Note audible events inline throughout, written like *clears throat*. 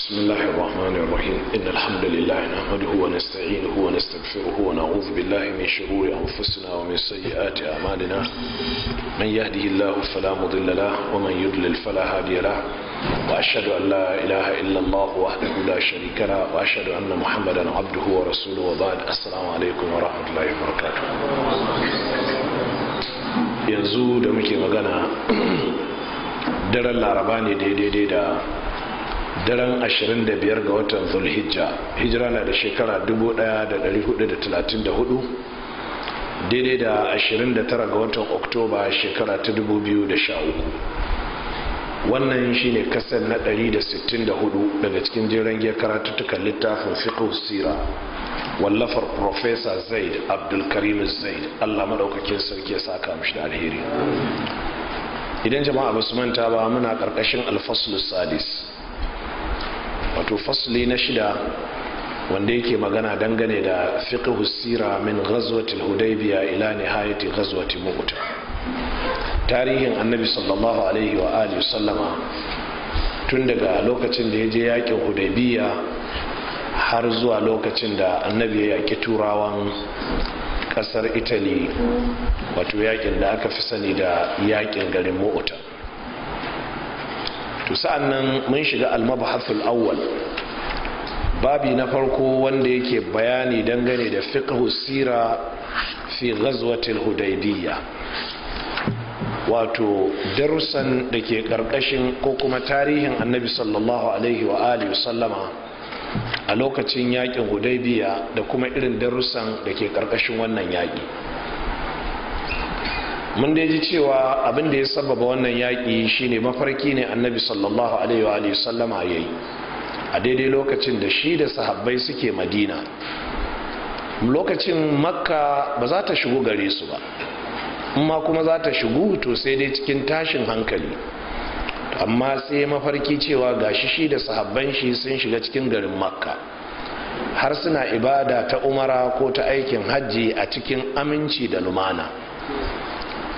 بسم الله الرحمن الرحيم إن الحمد لله نحمده ونستعينه ونستغفره ونعوذ بالله من شرور أنفسنا ومن سيئات أعمالنا من يهده الله فلا مضل له ومن يضلل فلا هادي له وأشهد أن لا إله إلا الله وحده لا شريك له وأشهد أن محمدا عبده ورسوله وبعد السلام عليكم ورحمة الله وبركاته yanzu da muke magana daren laraba ne daidai da daren 25 ga watan zulhijja hijira na da shekara 1434 daidai da 29 ga watan oktoba shekara ta 2013 wannan shine kasar na 164 daga cikin jiran karatu karatuttukan littafin fiqh sira wallafar professor zaid abdulkarim zaid allah maɗaukakin sarki ya saka mishi da alheri idan jama'a basu manta ba muna ƙarƙashin alfasul sadis wato fasli na shida wanda yake magana dangane da fiqhu sira min ghazwati hudaybiya ila nihayati ghazwati mu'ta tarihin annabi sallallahu alaihi wa alihi sallama tun daga lokacin da ya je yaƙin hudaybiya har zuwa lokacin da annabi ya yaki turawan ƙasar italy wato yaƙin da aka fi sani da yaƙin garin mu'ta to sa'an nan mun shiga almabahathul awwal babi na farko wanda yake bayani dangane da fiqhu sira fi ghazwatil hudaybiyya wato darussan da ke karkashin ko kuma tarihin annabi sallallahu alaihi wa alihi sallama a lokacin yakin hudaybiyya da kuma irin darussan da ke karkashin wannan yaki mun dai ji cewa abin da ya sababa wannan yaƙi shine mafarki ne annabi sallallahu alaihi wa alihi sallama yayi a daidai lokacin da shi da sahabbai suke madina lokacin makka ba za ta shigo gare su ba amma kuma za ta shigo to sai dai cikin tashin hankali amma sai mafarki cewa gashi shi da sahabban shi sun shiga cikin garin makka har suna ibada ta umara ko ta aikin hajji a cikin aminci da lumana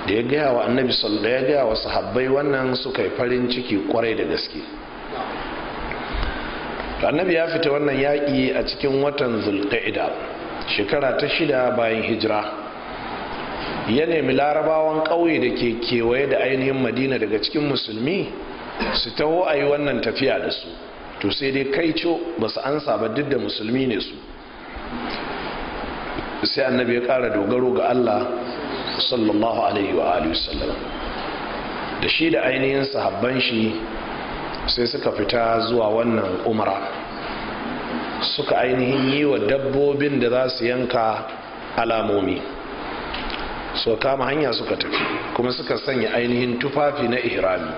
da ya gaya wa annabi da ya gaya wa sahabbai wannan suka yi farin ciki kwarai da gaske annabi ya fita wannan yaƙi a cikin watan zulqa'ida shekara ta shida bayan hijira ya nemi larabawan ƙauye da ke kewaye da ainihin madina daga cikin musulmi su taho a yi wannan tafiya da su to sai dai kai co ba su ansa ba duk da musulmi ne su sai annabi ya ƙara dogaro ga allah sallallahu alaihi wa alihi wasallam da shi da ainihin sahabban shi sai suka fita zuwa wannan umara suka ainihin yi wa dabbobin da za su yanka alamomi so kama hanya suka tafi kuma suka sanya ainihin tufafi na ihrami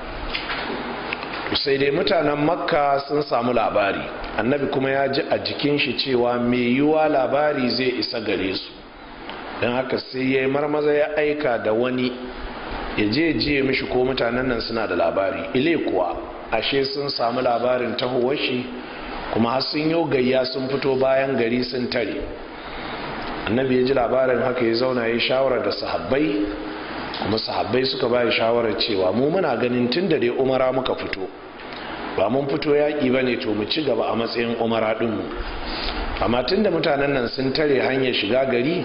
sai dai mutanen makka sun samu labari annabi kuma ya ji a jikin shi cewa mai yiwuwa labari zai isa gare su don haka sai ya yi marmaza ya aika da wani ya je jiye mishi ko mutanen nan suna da labari ile kuwa ashe sun samu labarin tahowar shi kuma har sun yau gayya sun fito bayan gari sun tare annabi ya ji labarin haka ya zauna ya shawarar da sahabbai kuma sahabbai suka bayi shawarar cewa mu muna ganin tun da dai umara muka fito ba mun fito yaƙi ba ne to mu ci gaba a matsayin umara ɗinmu amma tun da mutanen nan sun tare hanyar shiga gari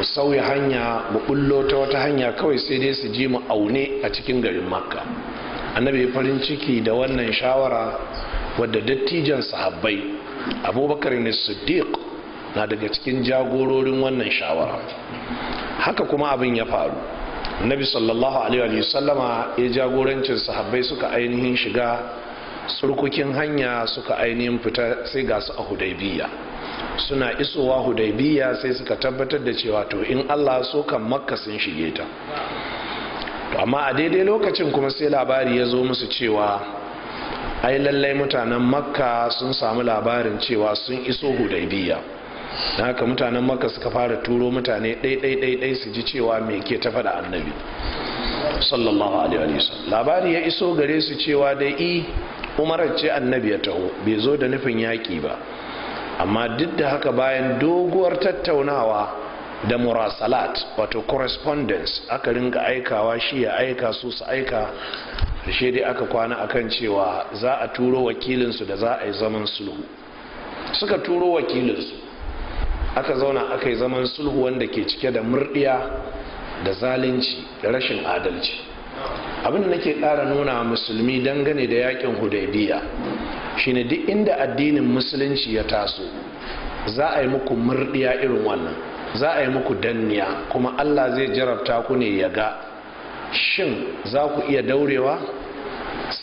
mu sauya hanya mu bullo ta wata hanya kawai sai dai su ji mu aune a cikin garin makka annabi farin ciki da wannan shawara wadda dattijan sahabbai abubakar ne siddiq na daga cikin jagororin wannan shawara haka kuma abin ya faru nabi sallallahu alaihi wa sallama ya jagorancin sahabbai suka ainihin shiga surkukin hanya suka ainihin fita sai ga su a hudaybiya suna isowa hudaibiya sai suka tabbatar da cewa to in allah so kan makka sun shige ta to amma a daidai lokacin kuma sai labari ya zo musu cewa ai lallai mutanen makka sun samu labarin cewa sun iso hudaibiya na haka mutanen makka suka fara turo mutane ɗai su ji cewa me ke ta faɗa annabi sallallahu alaihi wasallam labari ya iso gare su cewa dai i umarar ce annabi ya taho bai zo da nufin yaƙi ba amma duk da haka bayan doguwar tattaunawa da murasalat wato correspondence aka ringa aikawa shi ya aika su su aika da dai aka kwana akan cewa za a turo wakilinsu da za a yi zaman sulhu suka turo wakilinsu aka zauna aka yi zaman sulhu wanda ke cike da murdiya da zalunci da rashin adalci abin da nake ƙara nuna musulmi dangane da yakin hudaybiya shine duk inda addinin musulunci ya taso za a yi muku murdiya irin wannan za a yi muku danniya kuma allah zai jarabta ku ne ya ga shin za ku iya daurewa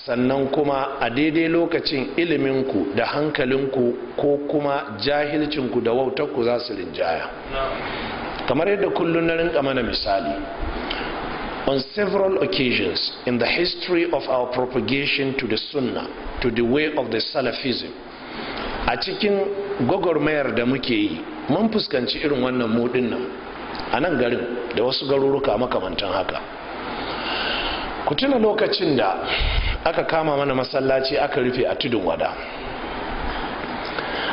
sannan kuma a daidai lokacin iliminku da hankalinku ko kuma jahilcinku da wautarku za su rinjaya kamar yadda kullum na rinka mana misali on several occasions in the history of our propagation to the sunnah to the way of the salafism a cikin gwagwarmayar da muke yi mun fuskanci irin wannan mudin nan a nan garin da wasu garuruka makamantan haka ku tuna lokacin da aka kama mana masallaci aka rufe a tudun wada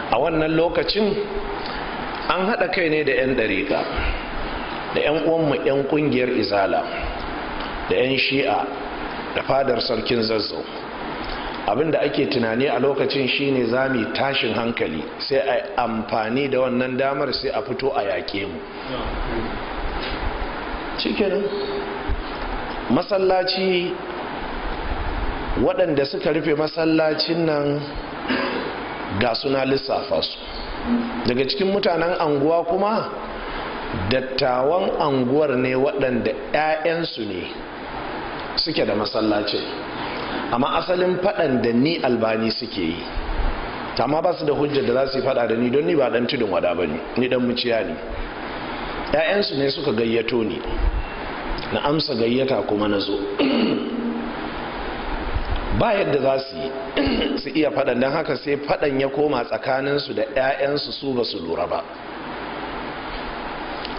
a wannan lokacin an haɗa kai ne da 'yan ɗariƙa da 'yan uwanmu 'yan ƙungiyar izala da 'yan shi'a da fadar sarkin zazzau abinda ake tunani a lokacin shine za mu tashin hankali sai a amfani da wannan damar sai a fito a yaƙe mu cikin masallaci waɗanda suka rufe masallacin nan ga suna lissafa su daga cikin mutanen anguwa kuma dattawan anguwar ne waɗanda 'ya'yansu ne suke da masallaci amma asalin faɗan da ni albani suke yi amma ba su da hujjar da za su yi faɗa da ni don ni ba ɗan tudun wada ba ne ni ɗan muciya ne ‘ya'yansu ne suka gayyato ni na amsa gayyata kuma na zo *clears throat* ba yadda za su yi *clears throat* su iya faɗan don haka sai faɗan ya koma tsakanin su da 'ya'yansu su ba su lura ba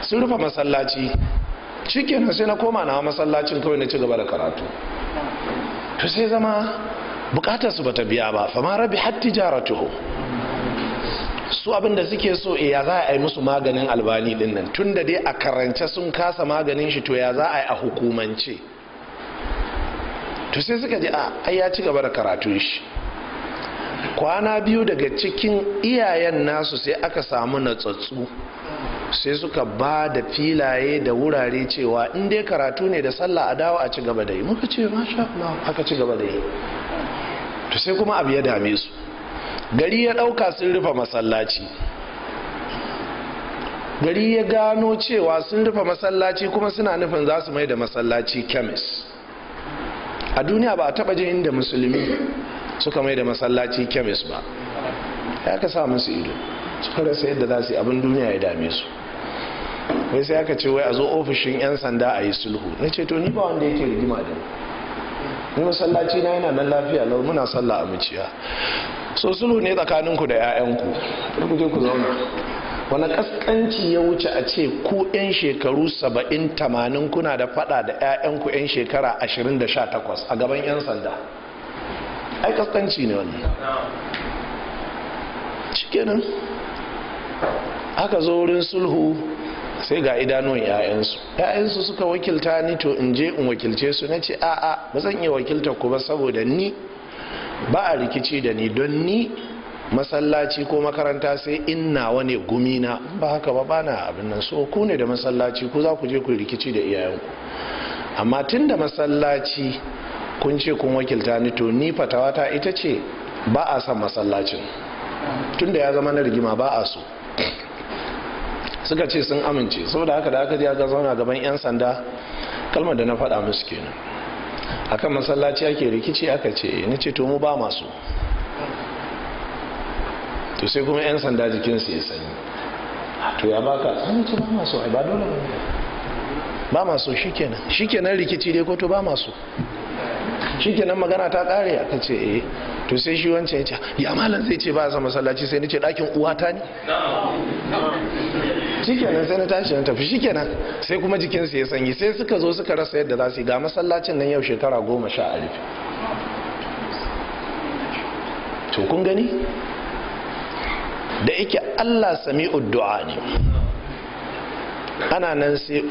sun rufe masallaci shikenan sai na koma na masallacin kawai na ci gaba da karatu to sai zama bukatar su bata biya ba fama rabi hatti tuho. su abinda suke so eh, ya za a yi musu maganin albani din nan tun da dai a karance sun kasa maganin shi to ya za a yi a hukumance to sai suka ji a ah, ya ci gaba da karatu shi kwana biyu daga cikin iyayen nasu sai aka samu natsatsu sai suka ba da filaye da wurare cewa in dai karatu ne da sallah a dawo a ci gaba da yi muka ce masha Allah aka ci gaba da yi to sai kuma abu ya dame su gari ya ɗauka sun rufe masallaci gari ya gano cewa sun rufe masallaci kuma suna nufin za su mai da masallaci kemis a duniya ba a taɓa jin inda musulmi suka mai da masallaci kemis ba ya ka sa musu ido suka rasa yadda za su yi abin duniya ya dame su wai sai aka ce wai a zo ofishin 'yan sanda a yi sulhu na ce to ni ba wanda yake rigima da ni masallaci na yana nan lafiya lau muna sallah a muciya so sulhu ne tsakaninku da 'ya'yanku ku je ku zauna wani kaskanci ya wuce a ce ku 'yan shekaru 70 kuna da fada da 'ya'yanku 'yan shekara 28 a gaban 'yan sanda ai kaskanci ne wannan cikinan aka zo wurin sulhu sai ga idanuwan 'ya'yansu 'ya'yansu suka wakilta ni to in je in wakilce su na ce a'a ba zan iya wakilta ku ba saboda ni ba a rikici da ni don ni masallaci ko makaranta sai in nawa ne gumina ba haka ba bana abin nan so ku ne da masallaci ku za ku je ku rikici da iyayenku amma tun da masallaci kun ce kun wakilta ni to ni fatawata ita ce ba a son masallacin tun da ya zama na rigima ba a so suka ce sun amince saboda haka da aka je aka zauna gaban 'yan sanda kalmar da na faɗa musu kenan akan masallaci ake rikici aka ce eh, ni ce to mu ba masu to sai kuma 'yan sanda jikinsu ya sani to ya baka an ah, ce ba masu ai ba dole ba masu shikenan shikenan rikici dai ko to ba masu shikenan magana ta kare aka ce eh to sai shi wancan ya ce ya malam zai ce ba a masallaci sai ni ce ɗakin uwata ne shikenan sai na tashi na tafi shikenan sai kuma jikinsu ya sanyi sai suka zo suka rasa yadda za su yi ga masallacin nan yau shekara goma sha a rufe to kun gani da yake allah sami uddu'a ne ana nan sai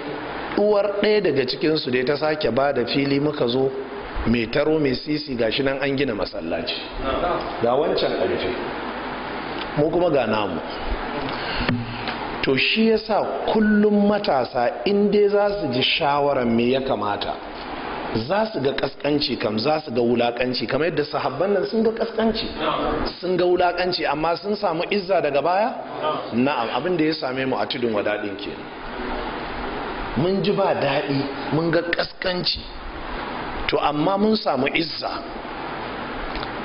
uwar ɗaya daga cikinsu da ta sake ba da fili muka zo mai taro mai sisi shi nan an gina masallaci ga wancan ƙarfi mu kuma ga namu to shi yasa kullum matasa inda za su ji shawarar me ya kamata za su ga kaskanci kam za su ga wulakanci kamar yadda sahabban nan sun ga kaskanci sun ga wulakanci amma sun samu izza daga baya na'am abin da ya same mu a tudun wadadin ke mun ji ba daɗi mun ga kaskanci to amma mun samu izza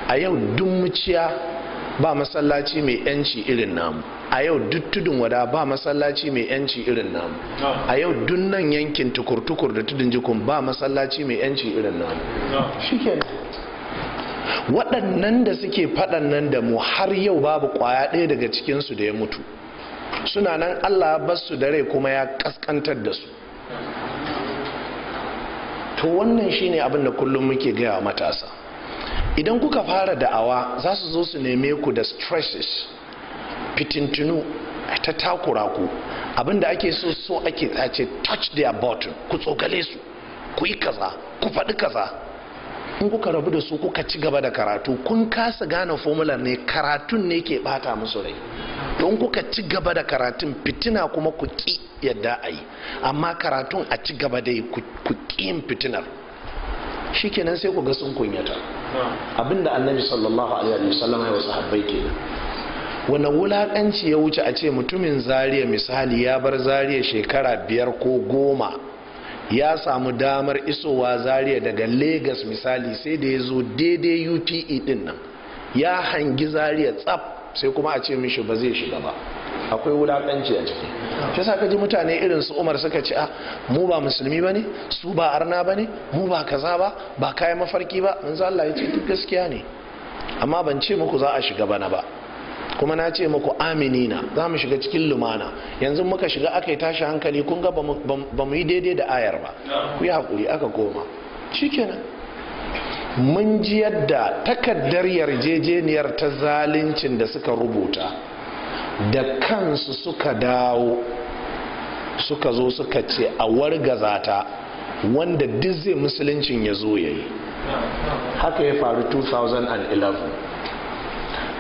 a yau dun muciya ba masallaci mai yanci irin namu a yau duk tudun wada ba masallaci mai yanci irin namu a yau duk nan yankin tukur-tukur da tudun jikun ba masallaci mai yanci irin namu waɗannan da suke faɗan nan da mu har yau babu ƙwaya ɗaya daga cikinsu da ya mutu suna nan allah basu da rai kuma ya ƙasƙantar da su to wannan shine abin da kullum muke gaya wa matasa idan kuka fara da'awa za su zo su neme ku da stresses fitintinu ta takura ku abinda ake so so ake tsace touch their button ku tsokale su ku yi kaza ku faɗi kaza in kuka rabu da su kuka ci gaba da karatu kun kasa gane formula ne karatun ne ke bata musu rai don kuka ci gaba da karatun fitina kuma ku ki yadda a yi amma karatun a ci gaba da ku ƙin fitinar shi kenan sai ku ga sun kunyata abinda annabi sallallahu alaihi wa sallam ya wasu habbai kenan wani wulaƙanci ya wuce a ce mutumin zariya misali ya bar zariya shekara biyar ko goma ya samu damar isowa zariya daga Legas misali sai da ya zo daidai UTE din nan ya hangi zariya tsaf sai kuma a ce mishi ba zai shiga ba akwai wulakanci a ciki shi sa kaji mutane irin su umar suka ce a ah, mu ba musulmi ba ne su ba arna ba ne mu ba kaza ba ba kayan mafarki ba manzo Allah ya ce duk gaskiya ne amma ban ce muku za a shiga bana ba kuma na ce muku aminina za mu shiga cikin lumana yanzu muka shiga aka yi tashi hankali kun ga ba mu yi daidai da ayar ba ku yi haƙuri aka koma shikenan mun ji yadda takaddar yarjejeniyar ta zaluncin da suka rubuta da kansu suka dawo suka zo suka ce a wargaza ta wanda duk zai musuluncin ya zo ya yi haka ya faru 2011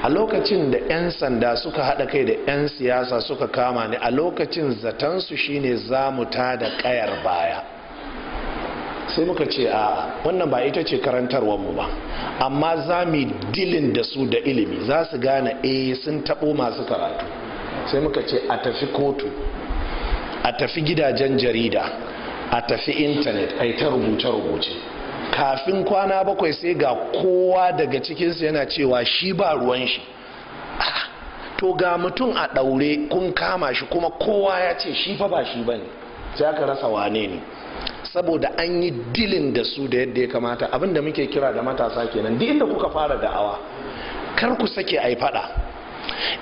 a lokacin da 'yan sanda suka haɗa kai da 'yan siyasa suka kama ne a lokacin zatansu shine za mu ta da ƙayar baya sai muka ce a wannan ba ita ce karantarwar mu ba amma za mu dilin da su da ilimi za su gane eh sun taɓo masu karatu sai muka ce a tafi kotu a tafi gidajen jarida a tafi intanet a ta rubuce-rubuce kafin kwana bakwai sai ga kowa daga cikinsu yana cewa shi ba ruwan shi to ga mutum a ɗaure kun kama shi kuma kowa ya ce shi fa ba shi ba ne sai aka rasa wane ne saboda an yi dilin da su da yadda ya kamata abinda muke kira da matasa kenan duk inda kuka fara da'awa kar ku sake a yi fada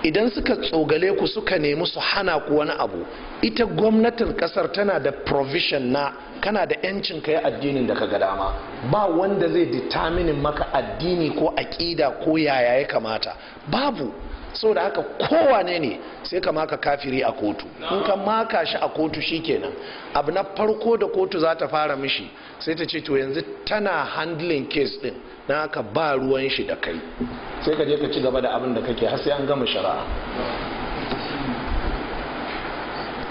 idan suka tsogale ku suka nemi su hana ku wani abu ita gwamnatin kasar tana da provision na kana da yancin kai addinin da ka ga dama ba wanda zai determine maka addini ko aƙida ko yaya ya kamata babu da haka kowane ne sai ka maka kafiri a kotu in ka maka shi a kotu shikenan abu na farko da kotu za ta fara mishi sai ta ce to yanzu tana handling case din na haka ba ruwan shi da kai sai ka je ka ci gaba da abin da kake har sai an gama shari'a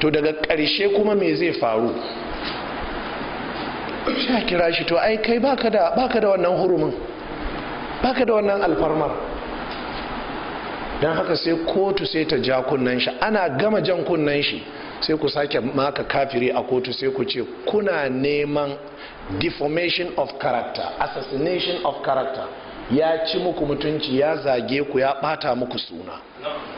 to daga ƙarshe kuma me zai faru sha kira shi to ai kai baka da wannan hurumin baka da wannan alfarmar don haka sai kotu sai ta ja kunnan shi ana gama jan kunnan shi sai ku sake maka kafiri a kotu sai ku ce kuna neman deformation of character assassination of character ya ci muku mutunci ya zage ku ya bata muku suna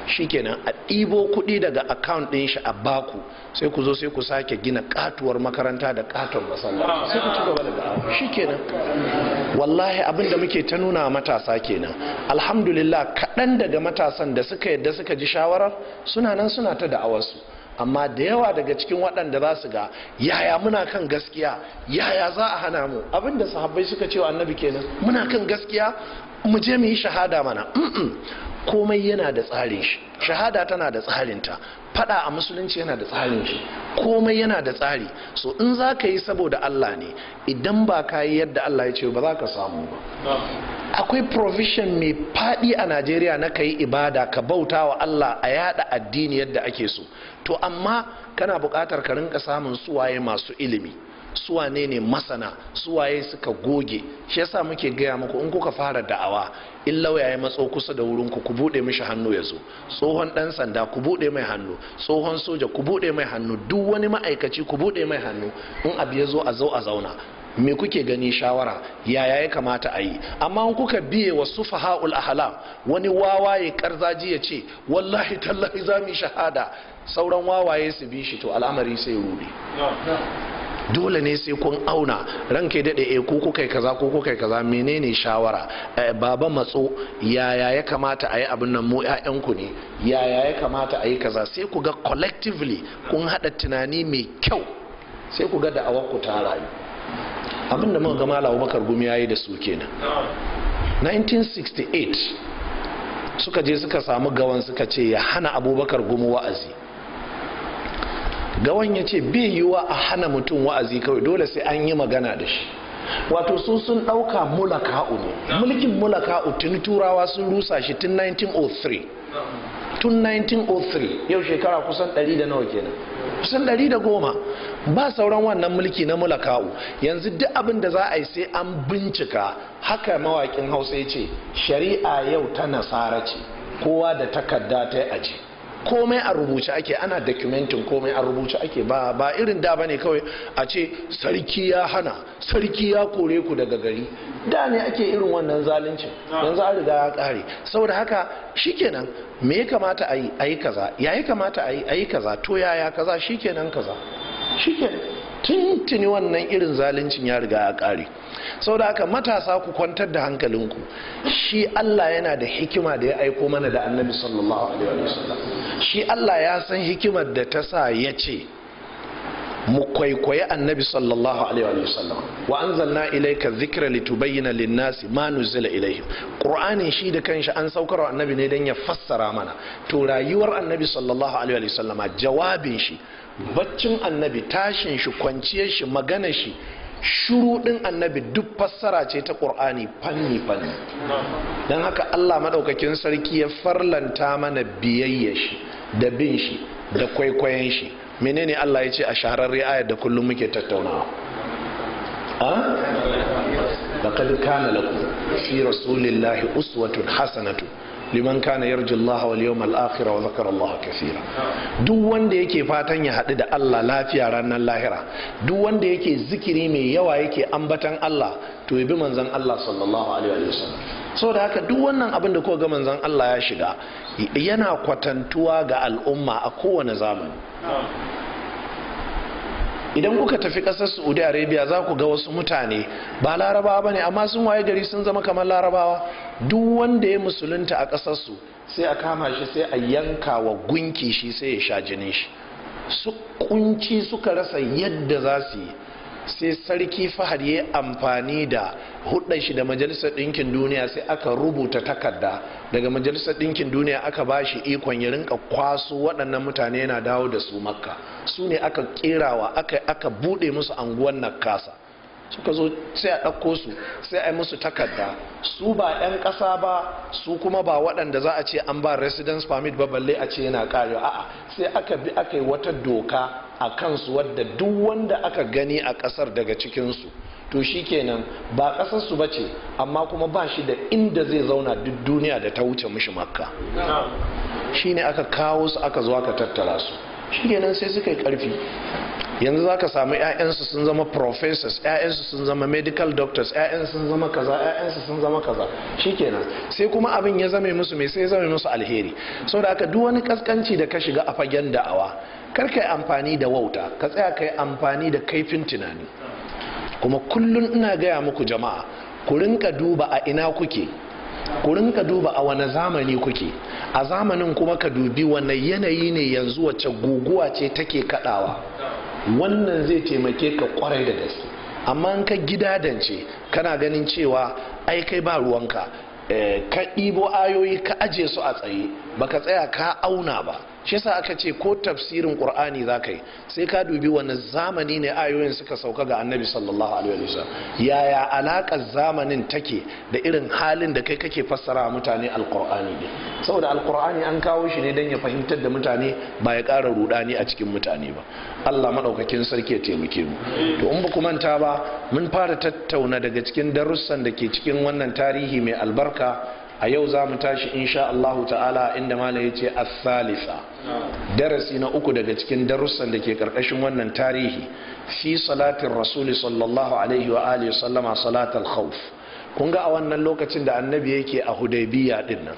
shikenan a ɗibo kuɗi daga account ɗin shi a baku sai ku zo sai ku sake gina katuwar makaranta da katon masallaci sai ku ci gaba da da'awa wallahi abinda muke ta nuna matasa kenan alhamdulillah kaɗan daga matasan da suka yadda suka ji shawarar suna nan suna ta da'awarsu amma da yawa daga cikin waɗanda za su ga yaya muna kan gaskiya yaya za a hana mu abinda sahabbai suka ce wa annabi kenan muna kan gaskiya mu je mu yi shahada mana komai yana da tsarin shi shahada tana da tsarinta fada a musulunci yana da tsarin shi komai yana da tsari so in za ka yi saboda Allah ne idan ba ka yi yadda Allah ya ce ba za ka samu ba akwai provision mai fadi a Najeriya na ka yi ibada ka bauta wa Allah a yada addini yadda ake so to amma kana buƙatar ka rinka samun suwaye masu ilimi Suwa ne masana suwaye suka goge shi yasa muke gaya muku in kuka fara da'awa in lauya ya matso kusa da wurinku ku ku bude mishi hannu ya zo tsohon ɗan sanda ku bude mai hannu tsohon soja ku bude mai hannu duk wani ma'aikaci ku bude mai hannu in abu ya zo a zo a zauna me kuke gani shawara yaya ya kamata a yi amma in kuka biye wa sufa sufaha'ul ahlam wani wawaye karzaji ya ce wallahi tallahi za mu shahada sauran wawaye su bi shi to al'amari sai rube dole ne sai kun auna ranke daɗe e eh, ko kuka kaza ko kuka kaza menene shawara eh, baba matso yaya ya kamata a yi abin nan mu ku ne yaya ya kamata a yi kaza sai ku ga collectively kun haɗa tunani mai kyau sai ku ga da ku ta rayu abin da muka ga malamu bakar gumi yayi da su kenan 1968 suka je suka samu gawan suka ce ya hana abubakar gumi wa'azi gawan ya ce bai yiwuwa a hana mutum wa'azi kawai dole sai an yi magana da shi wato su sun ɗauka mulaka'u ne mulkin mulaka'u tun turawa sun rusa shi tun 1903 tun 1903 yau shekara kusan 100 da nawa kenan kusan 110 ba sauran wannan mulki na mulaka'u yanzu duk abin da za a yi sai an bincika haka mawakin hausa ya ce shari'a yau ta nasara ce kowa da takarda ta yi aji komai a rubuce ake ana documentin komai a rubuce ake ba ba irin da bane kawai a ce sarki ya hana sarki ya kore ku daga gari da ne ake irin wannan zalincin yanzu an riga ya kare saboda haka shikenan me ya kamata a yi a yi kaza ya yi kamata a yi kaza to yaya kaza shikenan kaza shikenan tuntuni wannan irin zalincin ya riga ya kare saboda haka matasa ku kwantar da hankalinku shi Allah yana da hikima da ya aiko mana da annabi sallallahu alaihi wasallam shi Allah ya san hikimar da ta sa ya ce mu kwaikwayi annabi sallallahu alaihi wa sallam wa anzalna ilayka dhikra litubayyana lin-nasi ma nuzila ilayhim qur'anin shi da kanshi an saukarwa annabi ne dan ya fassara mana to rayuwar annabi sallallahu alaihi wa sallama jawabin shi baccin annabi tashin shi kwanciyar shi magana shi shuruɗin annabi duk fassara ce ta ƙur'ani fanni fanni don haka allah maɗaukakin sarki ya farlanta mana biyayya shi da bin shi da kwaikwayon shi menene Allah ya ce a shahararri ayar da kullum muke tattaunawa a laqad kana lakum fi rasulillahi uswatun hasanatu liman kana yarju Allah wal yawmal akhir wa zakara Allah kaseera duk wanda yake fatan ya haɗu da Allah lafiya ranar lahira duk wanda yake zikiri mai yawa yake ambatan Allah to yabi manzon Allah sallallahu alaihi wa So saboda haka duk wannan abin da kuka ga manzon Allah ya shiga yana kwatantuwa ga al'umma a kowane zamani idan kuka tafi ƙasar saudi arabia za ku ga wasu mutane ba larabawa ba ne amma sun waye gari sun zama kamar larabawa duk wanda ya musulunta a ƙasarsu sai a kama shi sai a yanka wa gunki shi sai ya sha jinin shi su kunci suka rasa yadda za su yi sai sarki fahad ya amfani da hudar shi da majalisar ɗinkin duniya sai aka rubuta takarda daga majalisar ɗinkin duniya aka ba shi ikon ya rinka kwaso waɗannan mutane yana dawo da su makka su ne aka kerawa aka aka buɗe musu anguwan kasa. suka zo sai a ɗauko su sai a yi musu takarda su ba 'yan ƙasa ba su kuma ba waɗanda za a ce an ba residence permit ba balle a ce yana ƙarewa a'a sai aka bi aka yi wata doka a kansu wadda duk wanda aka gani a ƙasar daga cikinsu to shi kenan ba ƙasarsu ba ce amma kuma ba shi da inda zai zauna duk duniya da ta wuce mishi makka shi ne aka kawo su aka zo aka tattara su shikenan sai suka yi karfi yanzu za ka samu 'ya'yansu sun zama professors 'ya'yansu sun zama medical doctors 'ya'yansu sun zama kaza 'ya'yansu sun zama kaza shikenan sai kuma abin ya zame musu mai sai ya zame musu alheri saboda aka duk wani kaskanci da ka shiga a fagen da'awa kar ka yi amfani da wauta ka tsaya ka yi amfani da kaifin tunani kuma kullum ina gaya muku jama'a ku rinka duba a ina kuke ku ka duba a wani zamani kuke a zamanin kuma ka dubi wani yanayi ne yanzu wacce guguwa ce take kadawa wannan zai taimake ka kwarai da gaske amma in ka dance kana ganin cewa ai kai ba ruwanka eh, ka ɗibo ayoyi ka aje su a tsaye baka tsaya ka auna ba shi yasa aka ce ko tafsirin qur'ani zaka yi sai ka dubi wani zamani ne ayoyin suka sauka ga annabi sallallahu alaihi wasallam yaya alakar zamanin take da irin halin da kai kake fassara mutane alqur'ani ne saboda alqur'ani an kawo shi ne dan ya fahimtar da mutane ba ya ƙara rudani a cikin mutane ba Allah madaukakin sarki ya taimake mu to in ba ku manta ba mun fara tattauna daga cikin darussan da ke cikin wannan tarihi mai albarka a yau za mu tashi insha Allahu ta'ala inda mala ya ce asalisa darasi na uku daga cikin darussan da ke karkashin wannan tarihi fi salatin rasuli sallallahu alaihi wa alihi sallama salatul khauf kun ga a wannan lokacin da annabi yake a hudaybiya din nan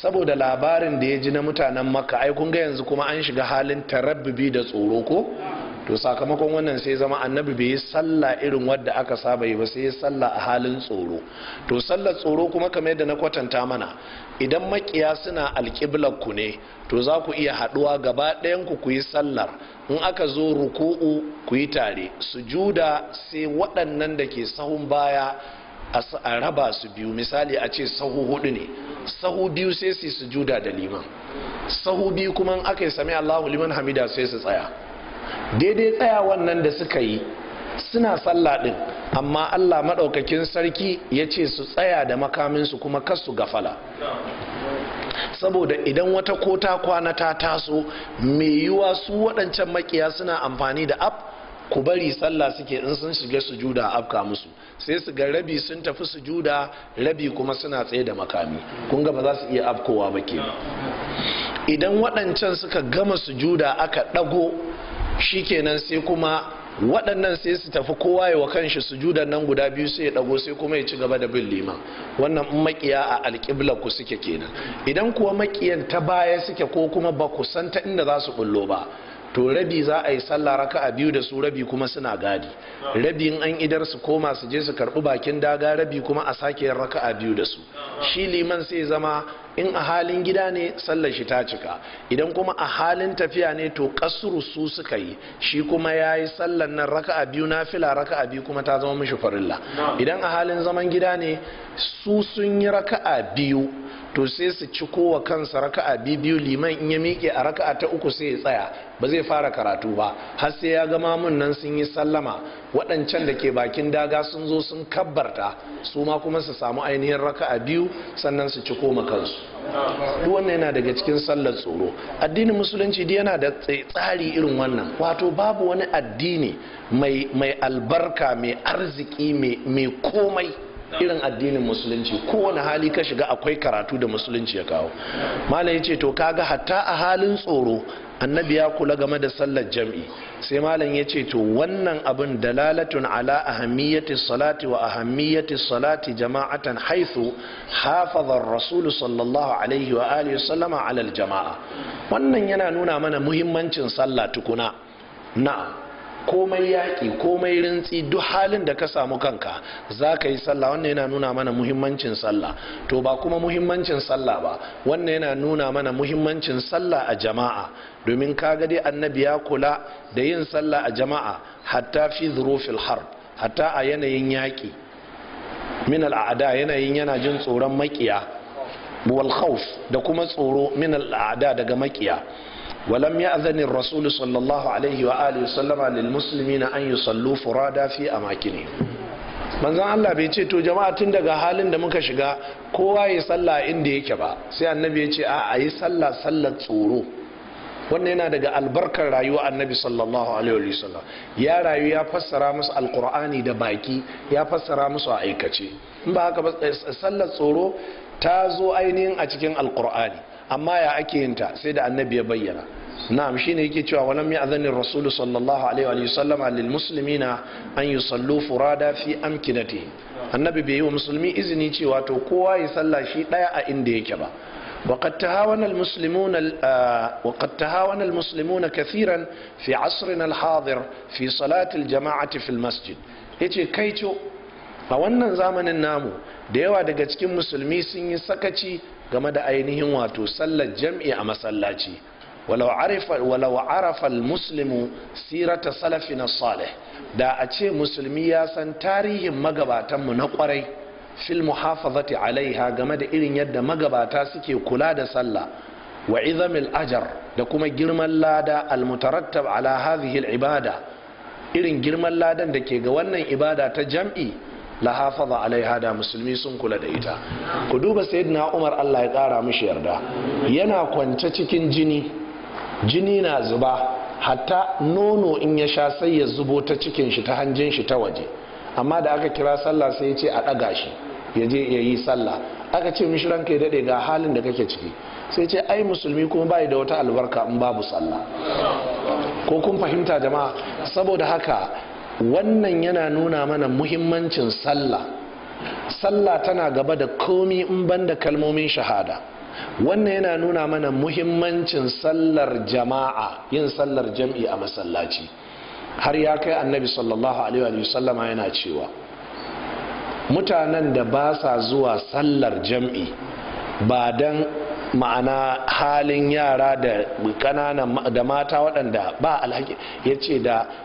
saboda labarin da ya ji na mutanen makka ai kun ga yanzu kuma an shiga halin tarabbibi da tsoro ko to sakamakon wannan sai zama annabi bai yi sallah irin wadda aka saba yi ba sai yi sallah a halin tsoro to sallar tsoro kuma kamar da na kwatanta mana idan makiya suna alƙiblar ku ne to za ku iya haɗuwa gaba ɗayan ku ku yi sallar in aka zo ruku'u ku yi tare sujuda sai waɗannan da ke sahun baya a raba su biyu misali a ce sahu hudu ne sahu biyu sai su sujuda da liman sahu biyu kuma in aka yi sami allahu liman hamida sai su tsaya daidai tsaya wannan da suka yi suna sallah din amma Allah maɗaukakin sarki ya ce su tsaya da makaminsu kuma kasu su gafala saboda idan wata kota kwana ta taso mai yiwa su waɗancan makiya suna amfani da af ku bari sallah suke in sun shiga sujuda afka musu sai su ga rabi sun tafi sujuda rabi kuma suna tsaye da makami kun ga ba za su iya afkowa ba ke idan waɗancan suka gama sujuda aka ɗago Shi shikenan sai kuma waɗannan sai su tafi kowa wa kanshi judan nan guda biyu sai ya ɗago sai kuma ya ci gaba da bin liman wannan makiya a alƙibla ku suke kenan idan kuwa makiyan ta baya suke ko kuma ba ku san ta inda za su bullo ba to rabi za a yi sallah raka a biyu da su rabi kuma suna gadi rabi in an idar su koma su je su karbi bakin daga rabi kuma a sake yin raka a biyu da su shi liman sai zama in a halin gida ne sallar shi ta cika idan kuma a halin tafiya ne to kasuru su suka yi shi kuma ya yi sallar nan raka a biyu nafila raka a biyu kuma ta zama mishi farilla idan a halin zaman gida ne su sun yi raka a biyu to sai su ci kowa kansa raka'a biyu liman in ya miƙe a raka'a ta uku sai ya tsaya ba zai fara karatu ba har sai ya gama mun nan sun yi sallama waɗancan da ke bakin daga sun zo sun kabbarta su ma kuma su samu ainihin raka'a biyu sannan su ci koma kansu duk wannan yana daga cikin sallar tsoro addinin musulunci dai yana da tsari irin wannan wato babu wani addini mai albarka mai arziki mai komai irin addinin musulunci kowane hali ka shiga akwai karatu da musulunci ya kawo malam ya ce to kaga hatta a halin tsoro annabi ya kula game da sallar jam'i sai malam ya ce to wannan abin dalalatun ala ahammiyati salati wa ahammiyati salati jama'atan haithu hafazar rasul sallallahu alaihi wa alihi sallama alal jama'a wannan yana nuna mana muhimmancin sallah tukuna na komai yaƙi komai rintsi duk halin da ka samu kanka za ka yi sallah wannan yana nuna mana muhimmancin sallah to ba kuma muhimmancin sallah ba wannan yana nuna mana muhimmancin sallah a jama'a domin kaga dai annabi ya kula da yin sallah a jama'a hatta fi zurufil harb hatta a yanayin yaƙi min al'ada yanayin yana jin tsoron makiya wal khawf da kuma tsoro min al'ada daga makiya ولم يأذن الرسول صلى na عليه وآله وسلم للمسلمين أن يصلوا فرادا في أماكنهم manzon Allah bai ce to jama'a tun daga halin da muka shiga kowa ya sallah inda yake ba sai annabi ya ce a ayi yi sallah sallar tsoro wannan yana daga albarkar rayuwa annabi sallallahu alaihi wasallam ya rayu ya fassara musu alqur'ani da baki ya fassara musu a aikace in ba haka ba sallar tsoro ta zo ainihin a cikin alqur'ani amma ya ake yin ta sai da annabi ya bayyana na'am shine yake cewa walam ya'zani ar-rasul sallallahu alaihi wasallam lil muslimina an yusallu furada fi amkinati annabi bai yi wa musulmi izini cewa to kowa ya sallah shi daya a inda yake ba وقد تهاون المسلمون آه، وقد تهاون المسلمون كثيرا في عصرنا الحاضر في صلاة الجماعة في المسجد. إيتي كيتو فوانا زامن النامو ديوا دجتكم مسلمي سيني سكتي كما دا أينهم واتو صلى الجمع أما صلاتي. ولو عرف ولو عرف المسلم سيرة سلفنا الصالح دا أتي مسلمي يا سن تاريخ مجابا تم fil muhafazati alaiha game da irin yadda magabata suke kula da sallah wa izamil ajar da kuma girman lada almutarattab ala hadhihi ibada irin girman ladan da ke ga wannan ibada ta jam'i la hafaza alaiha da musulmi sun kula da ita ku duba sayyidina umar Allah ya kara mishi yarda yana kwance cikin jini jini na zuba hatta nono in ya sha sai ya zubo ta cikin shi ta hanjin shi ta waje amma da aka kira sallah sai ya ce a ɗaga shi ya je ya yi sallah aka ce mishiran ka ya dade ga halin da kake ciki sai ce ai musulmi kuma bai da wata albarka in babu sallah ko kun fahimta jama'a saboda haka wannan yana nuna mana muhimmancin sallah sallah tana gaba da komi in banda kalmomin shahada wannan yana nuna mana muhimmancin sallar jama'a yin sallar jam'i a masallaci har ya kai annabi sallallahu alaihi wa sallama yana cewa mutanen da ba sa zuwa sallar jam'i ba don ma'ana halin yara da da mata waɗanda ba alhaki ya ce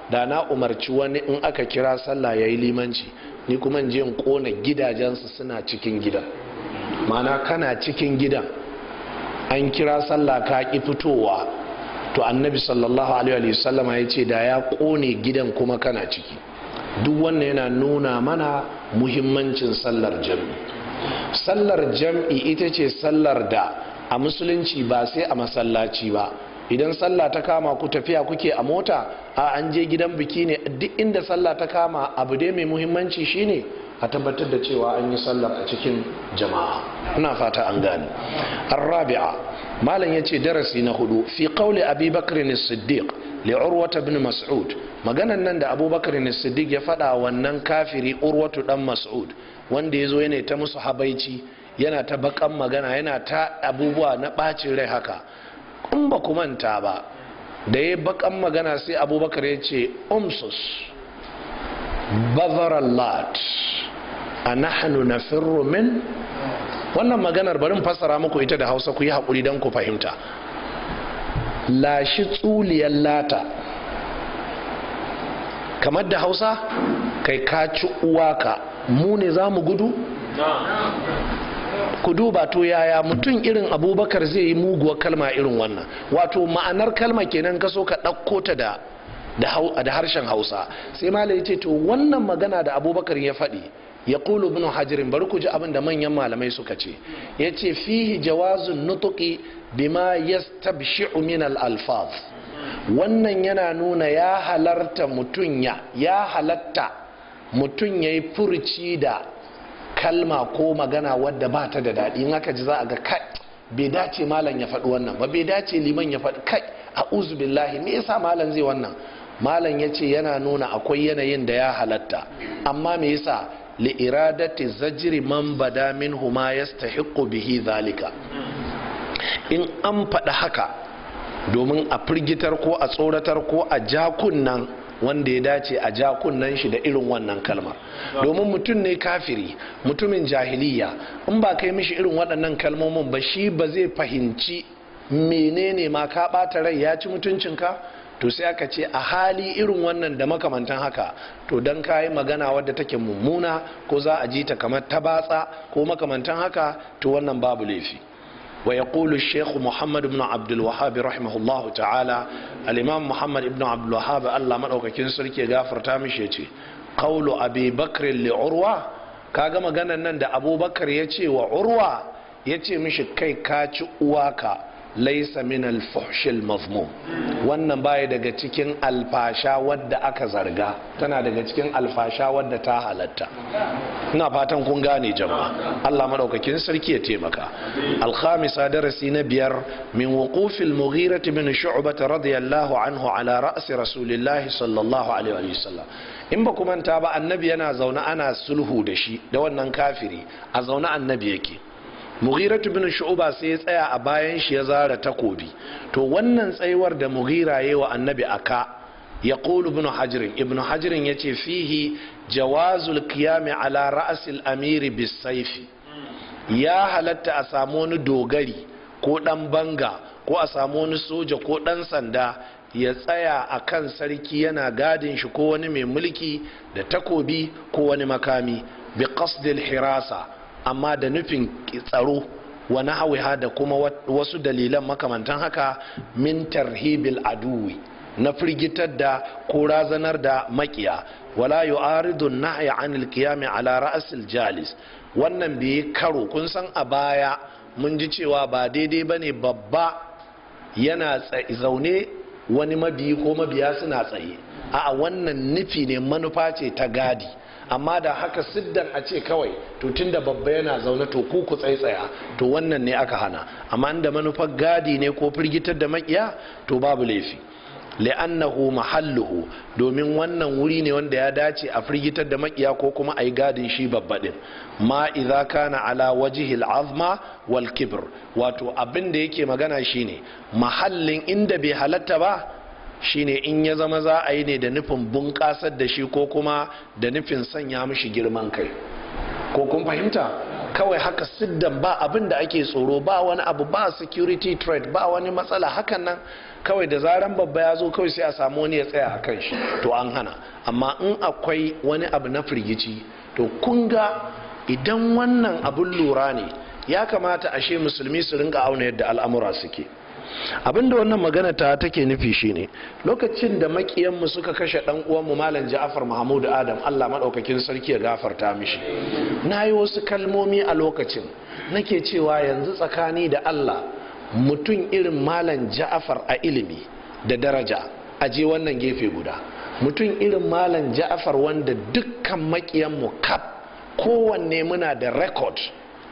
da na umarci wani in aka kira sallah ya yi limanci ni kuma in je in kona gidajensu suna cikin gidan ma'ana kana cikin gidan an kira sallah ka ƙi fitowa to annabi sallallahu alaihi wasallama ya ce da ya kone gidan kuma kana ciki duk wannan yana nuna mana muhimmancin sallar jam'i sallar jam'i ita ce sallar da a musulunci ba sai a masallaci ba idan sallah ta kama ku tafiya kuke a mota a an je gidan biki ne duk inda sallah ta kama abu dai mai muhimmanci shine a tabbatar da cewa an yi sallar a cikin jama'a ina fata an gane rabi'a malam ya ce darasi na hudu fi qawli abi bakr siddiq li'urwata bin mas'ud maganan nan da abubakar ibn siddiq ya faɗa wannan kafiri urwatu dan mas'ud wanda ya zo yana ta musu habaici yana ta bakan magana yana ta abubuwa na ɓacin rai haka in ba ku manta ba da ya bakan magana sai abubakar ya ce umsus bazarallat a nahanu na firrumin wannan maganar barin fassara muku ita da hausa ku yi haƙuri don ku fahimta lashi tsuliyar lata kamar da hausa kai kaci uwaka mu ne za mu gudu? ku duba to yaya mutum irin abubakar zai yi muguwar kalma irin wannan wato ma'anar kalma kenan ka so ka ɗauko ta da da harshen hausa sai malai ce to wannan magana da abubakar ya faɗi ya kulu bin hajirin bari ku ji abin da manyan malamai suka ce ya ce fihi jawazun nutuki bima yastabshi'u min al-alfaz wannan yana nuna ya halarta mutunya ya halatta mutum ya yi furci da kalma ko magana wadda ba ta da daɗi in aka ji za a ga kai bai dace malam ya faɗi wannan ba bai dace liman ya faɗi kai a billahi me yasa malam zai wannan malam ya ce yana nuna akwai yanayin da ya halatta amma me yasa iradati zajiri man bada min huma yastahiqqu bihi zalika in an faɗi haka domin a firgitar ko a tsoratar ko a jakunnan wanda ya dace a jakunnan shi da irin wannan kalmar domin mutum ne kafiri mutumin jahiliya in ba kai mishi irin waɗannan kalmomin ba shi ba zai fahimci menene ma ka ɓata rai ya ci mutuncinka to sai aka ce a hali irin wannan da makamantan haka to don yi magana wadda take mummuna ko za a ji ta kamar ta batsa ko makamantan haka to wannan babu laifi wa ya kulu shekhu muhammadu ibn abdulwahabi rahimahullahu ta'ala alimam muhammadu ibnu abdulwahabi allah maɗaukakin sarki ga furta mishi ce kawulu abu bakar le urwa ka gama ganin nan da abubakar ya ce wa urwa yace mishi kai ka ci uwa ka laisa min alfuhshil mazmum wannan baya daga cikin alfasha wadda aka zarga tana daga cikin alfasha wadda ta halatta ina fatan kun gane jama'a Allah madaukakin sarki ya taimaka alkhamisa darasi na biyar min wuqufil mughirati min shu'bat radiyallahu anhu ala ra'si rasulillahi sallallahu alaihi wa sallam in ba kuma ta ba annabi yana zaune ana sulhu da shi da wannan kafiri a zaune annabi yake mughiratu bin Shu'uba sai ya tsaya a bayan shi ya zara takobi to wannan tsayuwar da mughira yayi wa annabi aka ya qulu ibnu hajr ibn hajr yace fihi jawazul kiyami ala ra'sil amiri bis ya halatta a samu wani dogari ko dan banga ko a samu wani soja ko dan sanda ya tsaya a kan sarki yana gadin shi ko wani mai mulki da takobi ko wani makami bi qasdil hirasa amma da nufin tsaro wani hawiha da kuma wasu dalilan makamantan haka min tarhibil aduwi na firgitar da ko razanar da makiya wala yu'aridu nahya anil qiyami ala ra'sil jalis wannan bai karo kun san a baya mun ji cewa ba daidai ba ne babba yana zaune wani mabiyi ko mabiya suna tsaye a wannan nufi ne manufa ce ta gadi amma da haka siddan a ce kawai to tunda babba yana zaune to ku ku tsaitsaya to wannan ne aka hana amma da manufar gadi ne ko firgitar da makiya to babu laifi li'annahu mahalluhu domin wannan wuri ne wanda ya dace a firgitar da makiya ko kuma a yi gadin shi babba babbaɗin ma idza kana ala wajihil azma wal kibr wato abin da yake magana shine mahallin inda bai halatta ba shine in ya zama za a yi ne da nufin bunƙasar da shi ko kuma da nufin sanya mishi girman kai ko kun fahimta kawai haka siddan ba abin da ake tsoro ba wani abu ba security threat ba wani matsala hakan nan kawai da zaran babba ya zo kawai sai a samu wani ya tsaya a kan shi to an hana amma in akwai wani abu na firgici to kun ga idan wannan abun lura ne ya kamata ashe musulmi su rinka auna yadda al'amura suke abinda wannan magana ta take nufi shine lokacin da makiyanmu suka kashe dan uwanmu malam ja'afar mahmudu adam allah maɗaukakin sarki ya gafarta mishi na yi wasu kalmomi a lokacin nake cewa yanzu tsakani da allah mutum irin malam ja'afar a ilimi da daraja a je wannan gefe guda mutum irin malam ja'afar wanda dukkan makiyanmu kap kowanne muna da rekod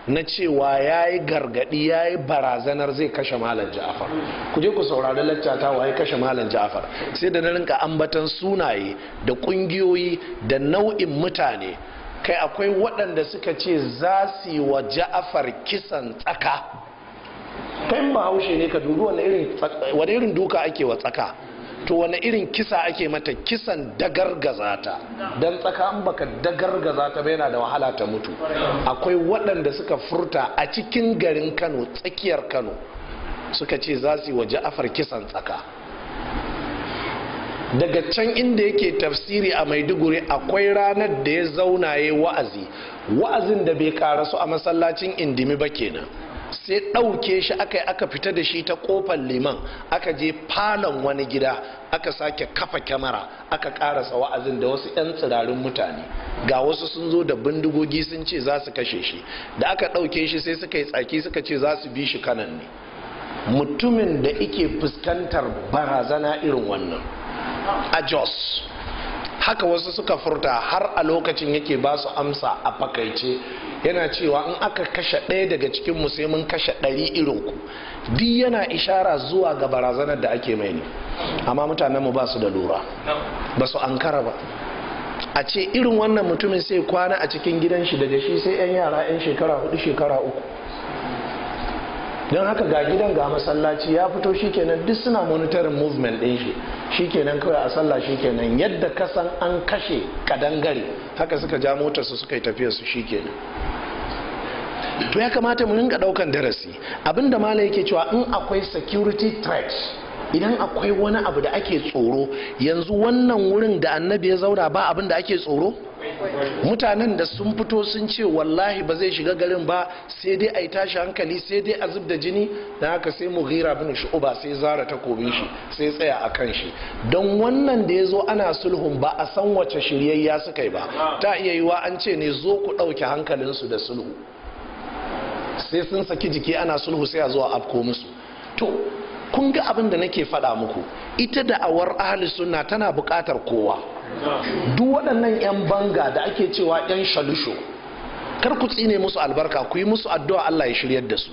na cewa ya yi gargadi ya yi barazanar zai kashe malam ja'afar ku je ku saurari laccata wa ya kashe malam ja'afar sai da na rinka ambatan sunaye da kungiyoyi da nau'in mutane kai akwai waɗanda suka ce za su yi wa ja'afar kisan tsaka kai ba haushe ne ka dubi wani irin duka ake wa tsaka to wani irin kisa ake mata kisan dagargaza ta don tsaka an baka dagargaza ta yana da wahala ta mutu akwai waɗanda suka furta a cikin garin kano tsakiyar kano suka ce za su yi wa ja'afar kisan tsaka daga can inda yake tafsiri a maiduguri akwai ranar da ya zauna ya wa'azi wa'azin da bai karasu a masallacin indimi ba kenan sai ɗauke shi aka yi aka fita da shi ta ƙofar liman aka je falon wani gida aka sake kafa kyamara aka ƙara sa wa'azin da wasu 'yan tsirarin mutane ga wasu sun zo da bindigogi sun ce za su kashe shi da aka ɗauke shi sai suka yi tsaki suka ce za su bi shi kanan ne mutumin da ike fuskantar barazana irin wannan a jos haka wasu suka furta har a lokacin yake ba su amsa a fakaice yana cewa in aka kashe ɗaya daga cikin mu sai mun kashe ɗari irin ku duk yana ishara zuwa ga barazanar da ake mai ne amma mutanenmu ba su da lura ba su ankara ba a ce irin wannan mutumin sai kwana a cikin gidan shi daga shi sai 'yan yara 'yan shekara hudu shekara uku don haka ga gidan ga masallaci ya fito shikenan duk suna monitoring movement ɗin shi shikenan kawai a sallah shikenan yadda kasan an kashe kadangare haka suka ja motarsu su suka yi tafiya su shikenan to ya kamata mu rinka daukan darasi abinda mala yake cewa in akwai security threats idan akwai wani abu da ake tsoro yanzu wannan wurin da annabi ya zauna ba abin da ake tsoro mutanen da sun fito sun ce wallahi ba zai shiga garin ba sai dai a yi tashi hankali sai dai a zub da jini da haka sai mu gira bin shu'uba sai zara ta takobin shi sai tsaya a kan shi don wannan da ya zo ana sulhun ba a san wace shiryayya suka yi ba ta iya yiwa an ce ne zo ku ɗauke hankalinsu da sulhu sai sun saki jiki ana sulhu sai a zo a afko musu to kun ga abin da nake faɗa muku ita da awar ahli sunna tana buƙatar kowa duk waɗannan 'yan banga da ake cewa 'yan shalusho kar ku tsine musu albarka ku yi musu addu'a Allah ya shiryar da su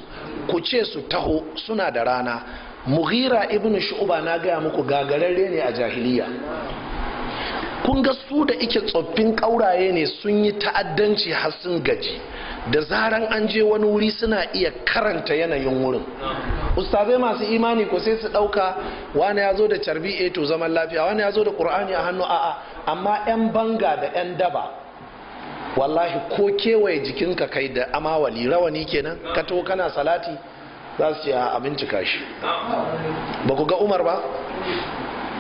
ku ce su taho suna da rana mughira ibn shu'ba na gaya muku gagararre ne a jahiliya kun ga su da ike tsoffin kauraye ne sun yi ta'addanci har sun gaji da zaran an je wani wuri suna iya karanta yanayin wurin ustazai masu imani ko sai su ɗauka wani ya zo da carbi a eh, to zaman lafiya wani ya zo da qur'ani a hannu a'a amma 'yan banga da 'yan daba wallahi ko kewaye jikinka kai da amawali rawani kenan ka to kana salati za su ce a bincika shi ba ku ga umar ba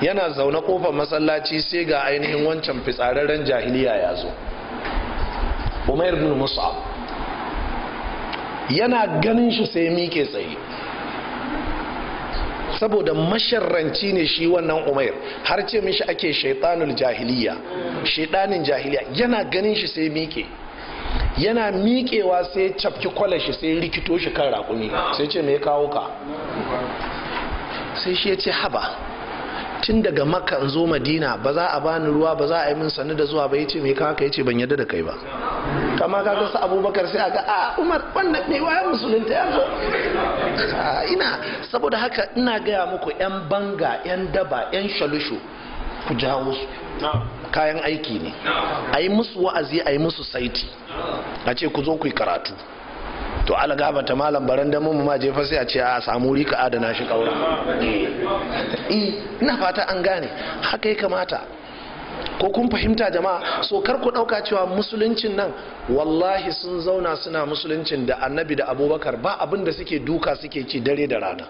yana zaune kofar masallaci sai ga ainihin wancan fitsararren jahiliya ya zo Umar bin Musa yana ganin shi sai mike tsaye saboda masharranci ne shi wannan Umar har ce mishi ake shaitanul jahiliya shaitanin jahiliya yana ganin shi sai mike yana miƙewa sai cafki shi sai rikito shi kan rakumi sai ce me kawo ka sai shi ya ce haba tun daga makka in zo madina ba za a bani ruwa ba za a yi min sannu da zuwa ba ya ce mai kawo ya ce ban yadda da kai ba kama ka su abubakar sai a ga a ah, umar wannan ne waye musulunta ya zo ina saboda haka ina gaya muku yan banga yan daba yan shalushu ku jawo su kayan aiki ne a yi musu wa'azi a yi musu saiti a ce ku zo ku yi karatu to gaba ta malam baran da mu ma jefa sai a ce a samu ka adana shi kaura eh. Eh, ina fata an gane haka ya kamata ko kun fahimta jama'a so kar ku dauka cewa musuluncin nan wallahi sun zauna suna musuluncin da annabi da abubakar ba abin da suke duka suke ci dare da rana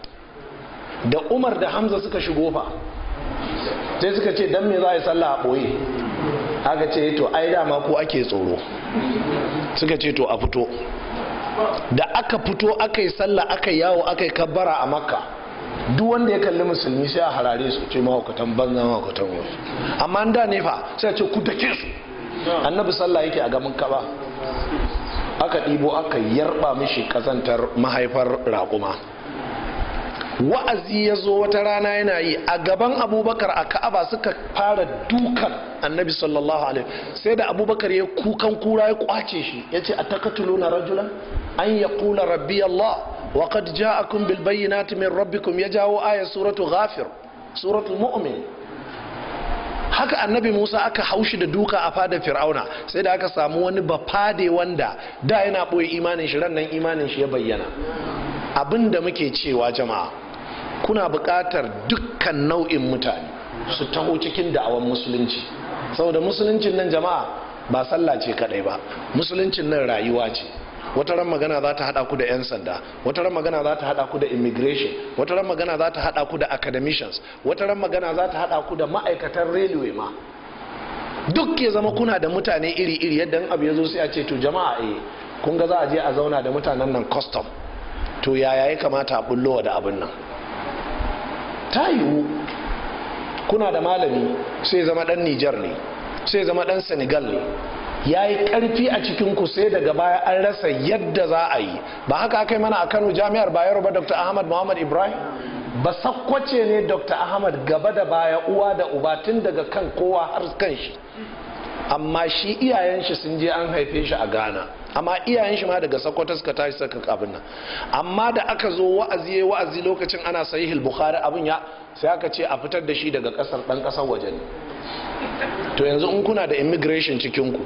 da umar da hamza suka shigo fa sai suka ce dan me za a yi sallah a boye haka ce eh to ai dama ko ake tsoro suka ce to a fito da aka fito aka yi sallah aka yawo aka yi kabbara a makka duk wanda ya kalli musulmi sai a harare su ce mahaukatan banza mahaukatan wasu amma da ne fa sai ce ku dake su annabi sallah yake a gamin kaba aka ɗibo aka yarba mishi kazantar mahaifar raƙuma wa'azi ya zo wata rana yana yi a gaban abubakar a ka'aba suka fara dukan annabi sallallahu alaihi sai da abubakar ya kukan kura ya kwace shi ya ce a takatuluna rajulan an ya kula rabbi allah wa qad ja'akum bil bayyinati min rabbikum ya jawo ayar suratu ghafir suratu mu'min haka annabi musa aka haushi da duka a fadar fir'auna sai da aka samu wani bafade wanda da yana ɓoye imanin shi ran nan imanin shi ya bayyana abinda muke cewa jama'a kuna buƙatar dukkan nau'in mutane su taho cikin da'awar musulunci saboda musuluncin nan jama'a ba sallah ce kadai ba musuluncin nan rayuwa ce wata ran magana za ta hada ku da 'yan sanda wata ran magana za ta hada ku da immigration wata ran magana za ta hada ku da academicians wata ran magana za ta hada ku da ma'aikatan railway ma duk ke zama kuna da mutane iri-iri yadda abu ya zo sai a ce to jama'a eh kun ga za a je a zauna da mutanen nan custom to yaya ya kamata a bullowa da abin nan ta yiwu kuna da malami sai zama dan Nijar ne sai zama dan Senegal ne ya yi karfi a cikin ku sai daga baya an rasa yadda za a yi ba haka aka yi mana a Kano jami'ar Bayero ba Dr. Ahmad Muhammad Ibrahim ba sakwace ne Dr. Ahmad gaba da baya uwa da uba tun daga kan kowa har kan shi amma shi iyayen shi sun je an haife shi a Ghana amma iyayen shi ma daga sakwata suka tashi saka abin nan amma da aka zo wa'azi wa'azi lokacin ana sahihul bukhari abin ya sai aka ce a fitar da shi daga kasar dan kasar waje ne to yanzu in kuna da immigration cikin ku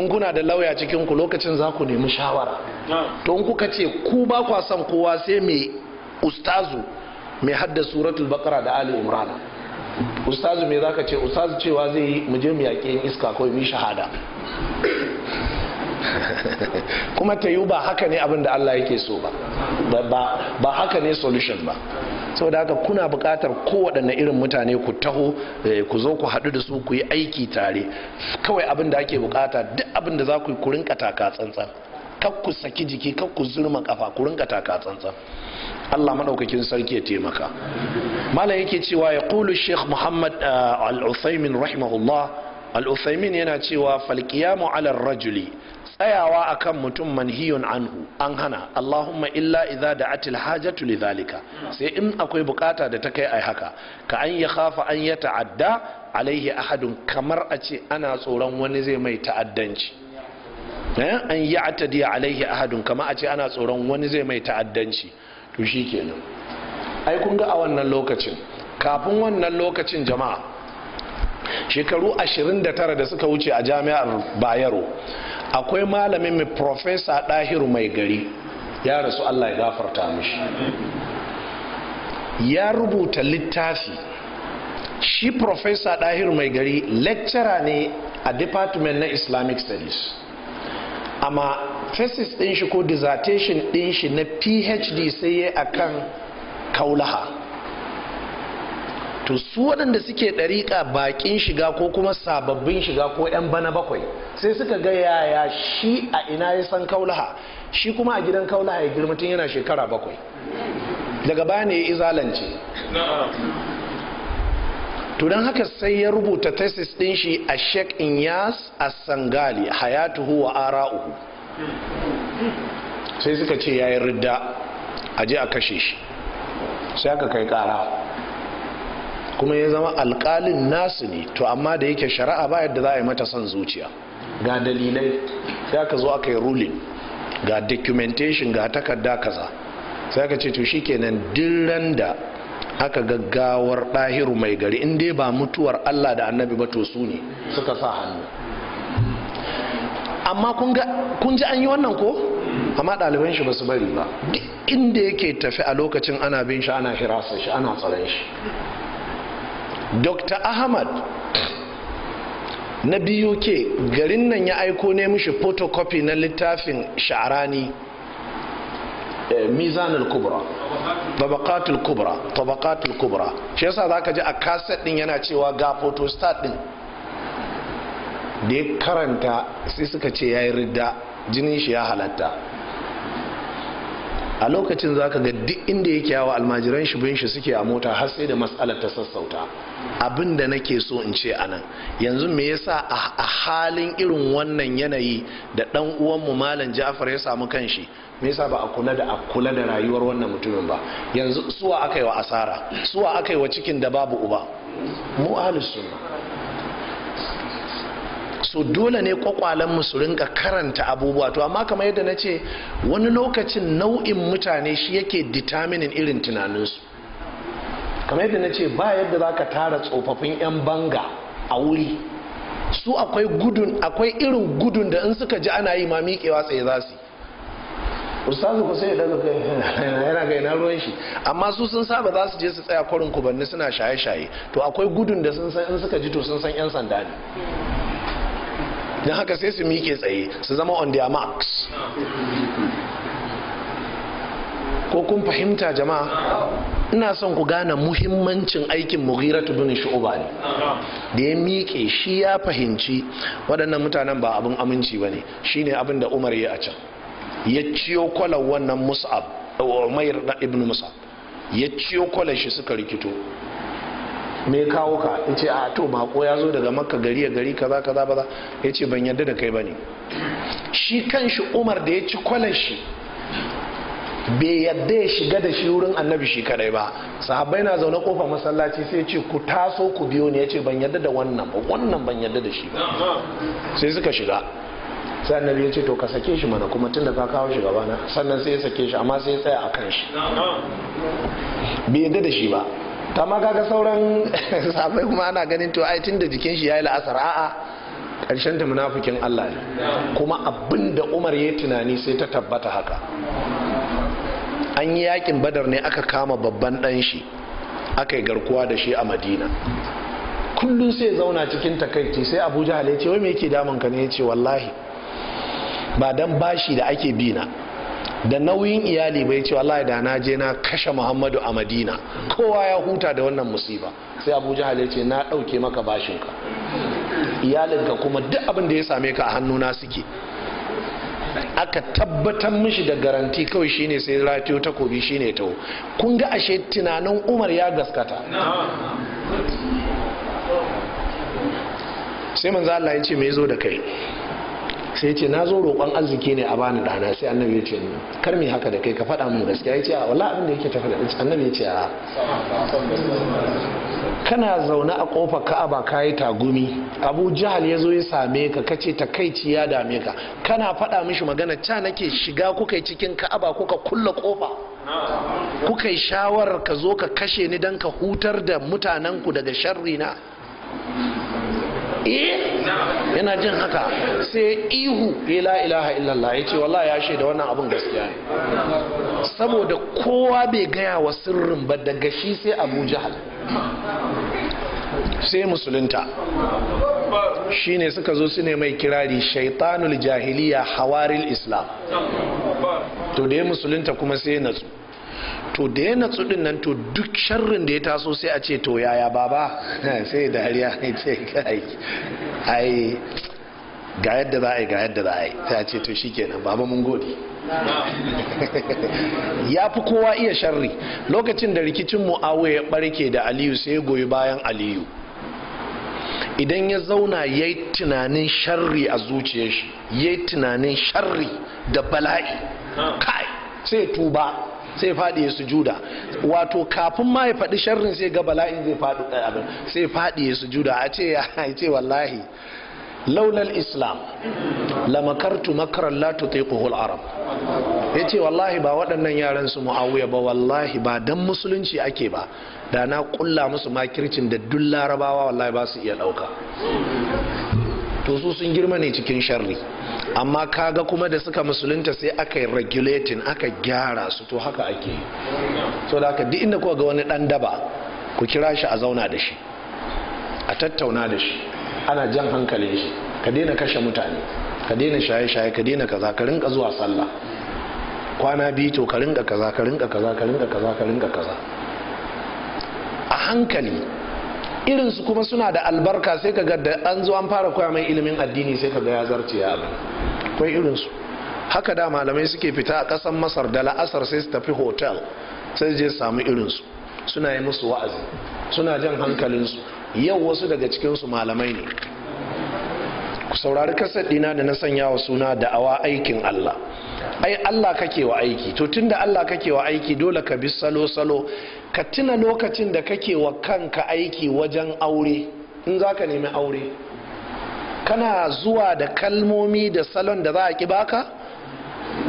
in kuna da lauya cikin lokacin za ku nemi shawara to in kuka ce ku ba kwa son kowa sai mai ustazu mai hadda suratul baqara da ali umrana ustazu me zaka ce ustazu cewa zai yi mu je mu yaƙi iska kawai mu shahada *laughs* kuma ta yi ba haka ne abin da Allah yake so ba ba haka ne solution ba saboda haka kuna buƙatar kowaɗanne irin mutane ku taho eh, ku zo ku haɗu da su ku yi aiki tare kawai abinda ake buƙata duk abinda da za ku yi ku rinka taka tsantsan kar saki jiki kar ku zurma kafa ku rinka taka tsantsan Allah madaukakin sarki ya taimaka malam yake cewa ya qulu sheikh muhammad eh, al-uthaymin rahimahullah al-uthaymin yana cewa fal qiyamu rajuli tsayawa akan mutum manhiyun anhu an hana allahumma illa idza da'atil hajatu lidhalika sai in akwai bukata da ta kai ai haka ka an ya khafa an ya ta'adda alaihi ahadun kamar a ce ana tsoron wani zai mai ta'addanci eh? an yi atadi alaihi ahadun kama a ce ana tsoron wani zai mai ta'addanci to shi kenan, ai kun ga a wannan lokacin kafin wannan lokacin jama'a shekaru 29 da suka wuce a jami'ar bayero akwai malamin mai profesa ɗahiru mai gari ya rasu allah ya gafarta mishi ya rubuta littafi shi profesa ɗahiru mai gari lecturer ne a department na islamic studies amma thesis ɗin shi ko dissertation ɗin shi na phd sai ya akan kaulaha to su waɗanda suke ɗariƙa baƙin shiga ko kuma sababbin shiga ko 'yan bana bakwai sai suka ga yaya shi a ina ya san kaulaha shi kuma a gidan kaulaha ya girma tun yana shekara bakwai daga baya ne ya izalance to don haka sai ya rubuta tesis ɗin shi a sheikh inyas a sangali hayatuhu wa uku sai suka ce ya yi ridda a je a kashe shi sai aka kai ƙara kuma ya zama alƙalin nasu ne to amma da yake shari'a ba yadda za a yi mata son zuciya ga dalilai sai aka zo aka yi ruling ga documentation ga takarda kaza sai aka ce to shikenan duk da aka gaggawar ɗahiru mai gari in dai ba mutuwar Allah da annabi ba to su ne suka sa hannu amma kun ji an yi wannan ko amma ɗaliban shi ba su bari ba duk inda yake tafi a lokacin ana bin shi ana hirasa shi ana tsaron shi dr ahmad na buk garin nan ya aiko ne mishi photocopy na littafin sha'arani eh, mizanul kubra tabakatul kubra tabakatul kubra shi yasa ka ji a kaset din yana cewa ga photostat din da ya karanta sai suka ce ya yi ridda jinin shi ya halatta a lokacin za ka ga duk inda yake yawa almajiran shi bin shi suke a mota har sai da matsalar ta sassauta abin da nake so in ce anan yanzu me yasa a halin irin wannan yanayi da dan uwanmu malam Ja'far ya samu kanshi me yasa ba a kula da a kula da rayuwar wannan mutumin ba yanzu suwa aka yi wa asara suwa aka yi wa cikin da babu uba mu sunna so dole ne kwakwalen mu su rinka karanta abubuwa to amma kamar yadda na ce wani lokacin nau'in mutane shi yake determining irin tunaninsu kamar yadda na ce ba yadda za ka tara tsofaffin 'yan banga a wuri su akwai gudun akwai irin gudun da in suka ji ana yi ma miƙewa tsaye za su ustazu ku sai daga *laughs* yana ga yana ruwan shi amma su sun saba za su je su tsaya kwarin kubanni suna shaye-shaye to akwai gudun da sun san in suka ji to sun san 'yan sanda ne don haka sai su miƙe tsaye su zama on their marks ko kun fahimta jama'a ina son ku gane muhimmancin aikin mughiratu bin ne da ya miƙe shi ya fahimci waɗannan mutanen ba abin aminci ba ne shine abin da umar ya a can ya ciyo kwalar wannan mus'ab da ibn mus'ab ya ciyo kwalar shi suka rikito me kawo ka in ce a to bako ya zo daga makka gari ya gari kaza kaza ba ya ce ban yadda da kai ba ne shi kanshi umar da ya ci kwalar shi bai yadda ya shiga da shi wurin annabi shi kadai ba sahabbai na zaune kofa masallaci sai ce ku taso ku biyo ne ya ce ban yadda da wannan ba wannan ban yadda da shi ba sai suka shiga sai annabi ya ce to ka sake shi mana kuma tunda ka kawo shi na sannan sai ya sake shi amma sai ya tsaya a kan shi bai yadda da shi ba ta ma kaga sauran *laughs* sahabbai kuma ana ganin to ai tunda jikin shi yayi la'asar a'a karshen ta munafikin Allah ne kuma abin da Umar ya tunani sai ta tabbata haka an yi yakin badar ne aka kama babban ɗan shi aka yi garkuwa da shi a madina kullum sai zauna cikin takaici sai Abuja jahal ya ce wai me yake damun ka ne ya ce wallahi ba dan bashi da ake bi na da nauyin iyali bai ce wallahi da na je na kashe muhammadu a madina kowa ya huta da wannan musiba sai Abuja jahal ce na ɗauke maka bashinka iyalinka kuma duk abin da ya same ka a hannuna suke aka tabbatar mishi da garanti kawai shine sai ratiyo takobi shine taho kun ga ashe tunanin umar ya gaskata sai manzo Allah ya ce me zo da kai sai ce na zo roƙon arziki ne a bani dana sai annabi ya ce kar mi haka da kai ka faɗa min gaskiya ya ce a wala abin da yake tafi da annabi ya ce a kana zaune a kofar ka'aba ka yi tagumi abu jahal ya zo ya same ka kace takaici ya dame ka kana faɗa mishi magana ca nake shiga kuka yi cikin ka'aba kuka kulle kofa kuka yi shawarar ka zo ka kashe ni don ka hutar da mutanenku daga sharri na eh, yana jin haka sai ihu ya eh, la ilaha illallah ya ce wallahi ya da wannan abin gaskiya ne saboda kowa bai gaya wa sirrin ba daga shi sai abu jahal sai musulunta shine suka zo su ne mai kirari shaitanul jahiliya hawaril islam to da ya musulunta kuma sai ya natsu to da ya natsu din nan to duk sharrin da ya taso sai a ce to yaya baba *laughs* sai dariya ne ce kai ai ga yadda za a yi ga yadda za a yi sai ce to shi kenan baba mun gode *laughs* ya fi kowa iya sharri lokacin da rikicin mu'awiya ya barke da aliyu sai ya goyi bayan aliyu idan ya zauna ya yi tunanin sharri a zuciyar shi ya yi tunanin sharri da bala'i kai sai tuba sai faɗi ya sujuda wato kafin ma ya faɗi sharrin sai ga bala'in zai faɗi sai faɗi ya sujuda a ce ya *laughs* ce wallahi laulal islam lamakartu makaran la tutiquhu al-arab yace wallahi ba waɗannan yaran su muawiya ba wallahi ba dan musulunci ake ba da na kulla musu makircin da duk larabawa wallahi ba su iya ɗauka. to su sun girma ne cikin sharri amma kaga kuma da suka musulunta sai aka yi regulating aka gyara su to haka ake so da haka duk inda kuka ga wani dan daba ku kira shi a zauna da shi a tattauna da shi ana jan hankalin shi ka daina kashe mutane ka daina shaye-shaye ka daina kaza ka rinka zuwa sallah kwana biyu to ka rinka kaza ka rinka kaza ka rinka kaza ka rinka kaza a hankali irin su kuma suna da albarka sai ka ga da an zo an fara koya mai ilimin addini sai ka ga ya zarce ya abu akwai irin su haka da malamai suke fita a ƙasar masar da la'asar sai su tafi hotel sai je samu irin su suna yi musu wa'azi suna jan hankalinsu yau wasu daga cikinsu malamai ne ku saurari kasar dina da na sanya wa suna da awa aikin Allah ai Allah kake wa aiki to tun da Allah kake wa aiki dole ka bi salo salo ka tuna lokacin da kake wa kanka aiki wajen aure in za ka nemi aure kana zuwa da kalmomi da salon da za a ki baka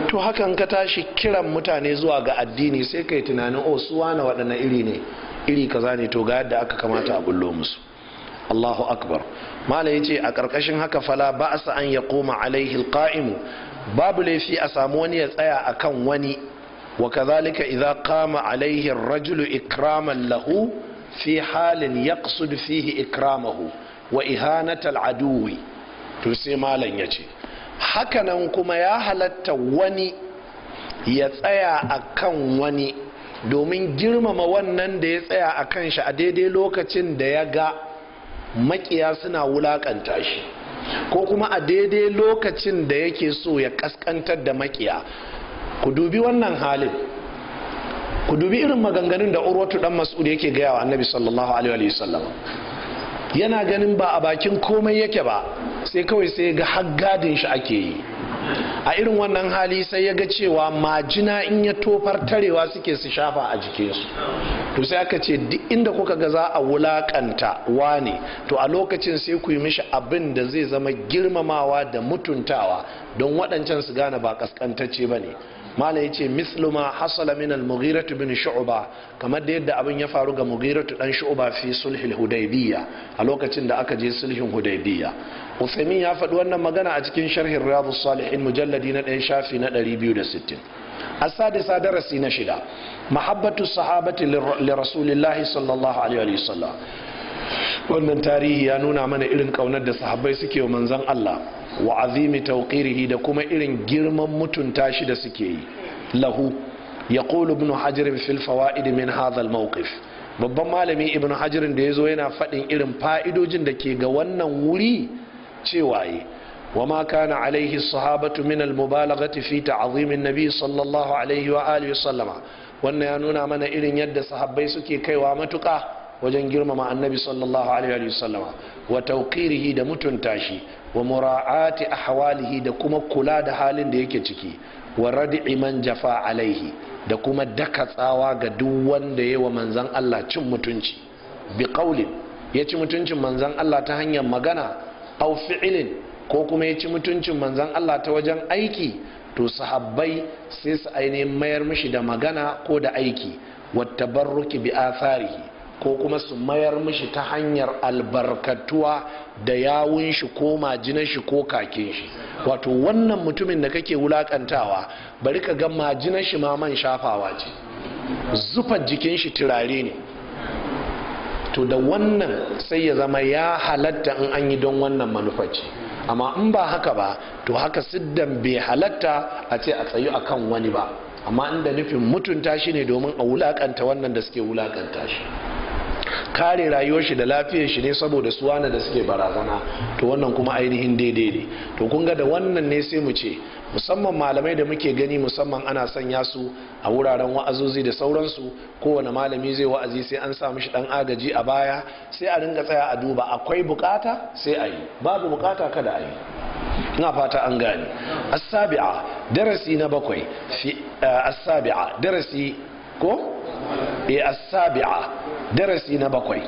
to hakan ka tashi kiran mutane zuwa ga addini sai kai tunanin o oh, su na waɗanne iri ne iri kaza ne to ga yadda aka kamata a bullo musu Allahu akbar mala yace a karkashin haka fala sa an ya koma alaihi alqa'imu babu laifi a samu wani ya tsaya akan wani wa kazalika idza qama alaihi rajulu ikraman lahu fi halin yaqsud fihi ikramahu wa ihanata al-aduwi to sai malam yace hakanan kuma ya halatta wani ya tsaya akan wani domin girmama wannan da ya tsaya a kan shi a daidai lokacin da ya ga makiya suna wulakanta shi ko kuma a daidai lokacin da yake so ya kaskantar da makiya ku dubi wannan halin ku dubi irin maganganun da urwatu dan mas'ud yake gaya wa annabi sallallahu alaihi wa sallam yana ganin ba a bakin komai yake ba sai kawai sai ga har gadin shi ake yi a irin wannan hali sai ya ga cewa majina in ya tofar tarewa suke su shafa a jikinsu to sai aka ce duk inda kuka ga za a wulakanta wane to a lokacin sai ku yi mishi abin da zai zama girmamawa da mutuntawa don waɗancan su gane ba kaskantacce ba ne mala ya ce misluma hasala min al-mughiratu bin shu'ba kamar da yadda abin ya faru ga mughiratu dan shu'ba fi sulhil hudaibiyya a lokacin da aka je sulhin hudaibiyya Uthaymin ya faɗi wannan magana a cikin sharhin Riyadu Salihin mujalladi na ɗaya shafi na ɗari sittin. 260 asadisa darasi na shida mahabbatu sahabati li rasulillahi sallallahu alaihi wa sallam wannan tarihi ya nuna mana irin ƙaunar da sahabbai suke wa manzon Allah wa azimi tauqirihi da kuma irin girman mutunta shi da suke yi lahu yaqulu ibn hajar filfawa fawaid min hadha al babban malami ibn hajar da ya zo yana faɗin irin fa'idojin da ke ga wannan wuri cewaye وما كان عليه الصحابة من المبالغة في تعظيم النبي صلى الله عليه وآله وسلم وأن ينونا من إلين يد صحابي سكي كي وامتك وجنجرم مع النبي صلى الله عليه وآله وسلم وتوقيره دمت تاشي ومراعاة أحواله دكما كلا دهال ديكتكي وردع من جفا عليه دكما دكت آواغ دوان دي ومنزان الله چم متنشي بقول يتم متنشي منزان الله تهنيا مغانا aw fi'ilin ko kuma ya ci mutuncin manzon Allah ta wajen aiki to sahabbai sai su ainihin mayar mishi da magana ko da aiki wata barruki bi atharihi ko kuma su mayar mishi ta hanyar albarkatuwa da yawun shi ko majinan shi ko kakin shi wato wannan mutumin da kake wulakantawa bari ka ga majinan shi ma man shafawa ce zufar jikin shi turare ne to da wannan sai ya zama ya halatta in an yi don wannan manufaci amma in ba haka ba to haka siddan bai halatta a ce a tsayu a kan wani ba amma inda nufin mutunta shi ne domin a wulakanta wannan da suke wulakanta shi kare rayuwar shi da lafiyar shi ne saboda suwana da suke barazana to wannan kuma ainihin daidai ne to kun ga da wannan ne sai mu ce musamman malamai da muke gani musamman ana sanya su a wuraren wa'azuzi da sauransu kowane malami zai wa'azi sai an sa mishi dan agaji a baya sai a ringa tsaya a duba akwai bukata sai a yi babu bukata kada a yi ina fata an gane asabi'a darasi na bakwai eh, asabi'a darasi ko eh asabi'a darasi na bakwai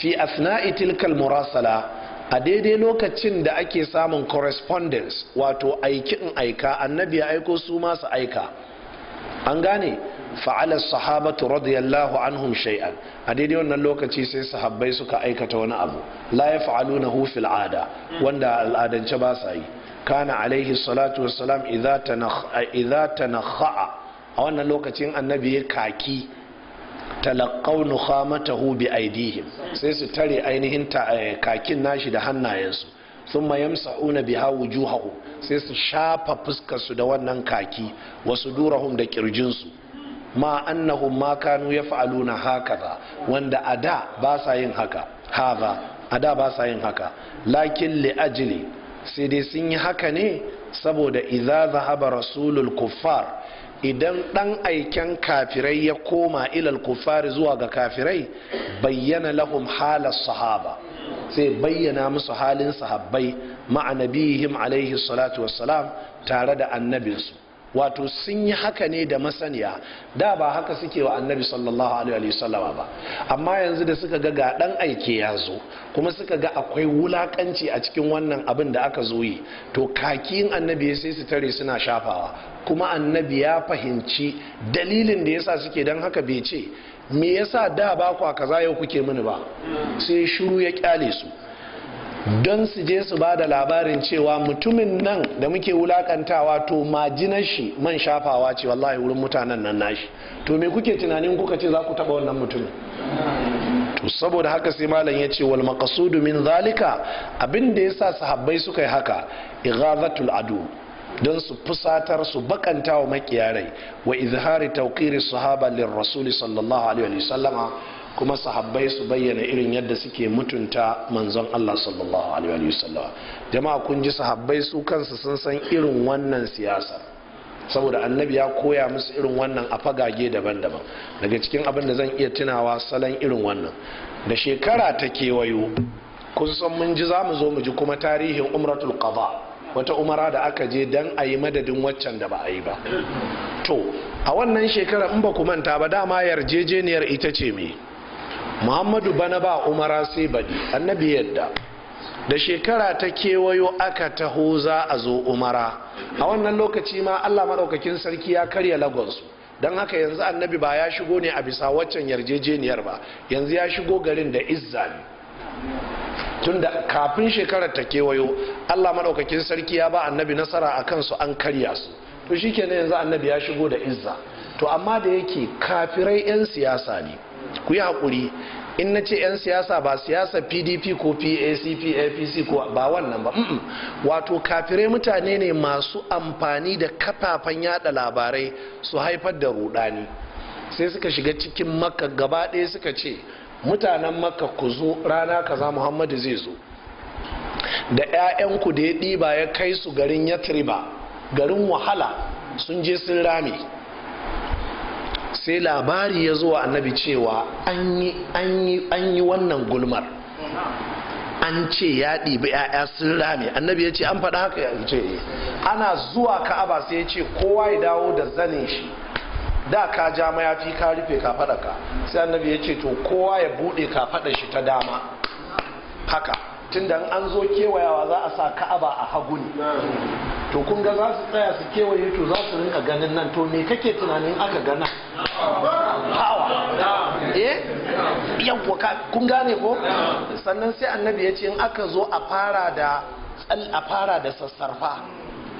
fi asna'i tilkal murasala a daidai lokacin da ake samun correspondence wato aiki in aika annabi ya aiko su masu aika an gane fa'alar sahabatu radiyallahu anhum shay'an a daidai wannan lokaci sai sahabbai suka aikata wani abu la ya fa'alu na hufil ada wanda al'adance ba sa yi kana alaihi salatu wassalam na tanakha'a a wannan lokacin annabi ya kaki talaqaw nukhamatahu hubi aidihim sai su tare ainihin eh, kakin nashi da hannayensu sun thumma yamsahuna biha wujuhahum sai su shafa fuskarsu da wannan kaki wasu durahum da kirjinsu ma annahum ma kanu haka ba wanda ada ba sa yin haka haza ada ba sa yin haka lakin li ajili sai dai sun yi haka ne saboda idza zahaba rasulul kuffar idan ɗan aiken kafirai ya koma ilal kufari zuwa ga kafirai bayyana lahum halar sahaba sai bayyana musu halin sahabbai ma'anabihim alaihi salatu wassalam tare da annabinsu wato sun yi haka ne da masaniya da ba haka suke wa annabi sallallahu alaihi wasallama ba amma yanzu da suka ga ga dan aike ya zo kuma suka ga akwai wulakanci a cikin wannan abin da aka zo yi to kakin annabi sai su tare suna shafawa kuma annabi ya fahimci dalilin da yasa suke don haka bai ce me yasa da ba kwa kaza yau kuke mini ba sai shiru ya kyale su don su je su ba da labarin cewa mutumin nan da muke wulakantawa to majinar shi man shafawa ce wallahi wurin mutanen nan nashi to me kuke tunanin kuka ce za ku taba wannan mutumin to saboda haka sai malam ya ce wal maqasudu min zalika abin da yasa sahabbai suka yi haka ighazatul adu don su fusatar su bakanta wa makiyarai wa izhari tauqiri sahaba lir rasul sallallahu alaihi wa sallama kuma sahabbai su bayyana irin yadda suke mutunta manzon Allah sallallahu alaihi wa sallama jama'a kun ji sahabbai su kansu sun san irin wannan siyasa saboda annabi ya koya musu irin wannan a fagage daban-daban daga cikin abin da zan iya tunawa salon irin wannan da shekara ta kewayo kun san mun ji za mu zo mu ji kuma tarihin umratul qada wata umara da aka je dan a yi madadin waccan da ba a yi ba to a wannan shekara in ba ku manta ba dama yarjejeniyar ita ce me muhammadu bana ba umara sai baɗi annabi yadda da shekara ta kewayo aka taho za a zo umara a wannan lokaci ma allah maɗaukakin sarki ya karya lagos don haka yanzu annabi ba ya shigo ne a bisa waccan yarjejeniyar ba yanzu ya shigo garin da izzani tunda kafin shekarar ta kewayo Allah maɗaukakin sarki ya ba annabi nasara a kansu an karya su to shi kenan yanzu annabi ya shigo da izza to amma da yake kafirai 'yan siyasa ne ku yi haƙuri in na ce 'yan siyasa ba siyasa pdp ko pacp apc ko ba wannan ba wato kafirai mutane ne masu amfani da kafafen yada labarai su haifar da rudani sai suka shiga cikin makka gaba ɗaya suka ce mutanen makka ku zo rana kaza muhammadu zai zo da 'ya'yanku da ya ɗiba ya kai su garin yatriba garin wahala sun je sun rame sai labari ya zuwa annabi cewa an yi wannan gulmar an ce ya ɗibi 'ya'ya sun rame annabi ya ce an faɗa haka ya ce eh. ana zuwa ka'aba sai ya ce kowa ya dawo da zanin shi da ka ja mayafi ka rufe kafadarka sai annabi ya ce to kowa ya bude kafadar shi ta dama haka tunda an zo kewayawa za a sa ka'aba a hagu ne to kun ga za su tsaya su kewaye to za su rinka ganin nan to me kake tunanin aka gana hawa eh ka, kun gane ko sannan sai annabi ya ce in aka zo a fara da a fara da sassarfa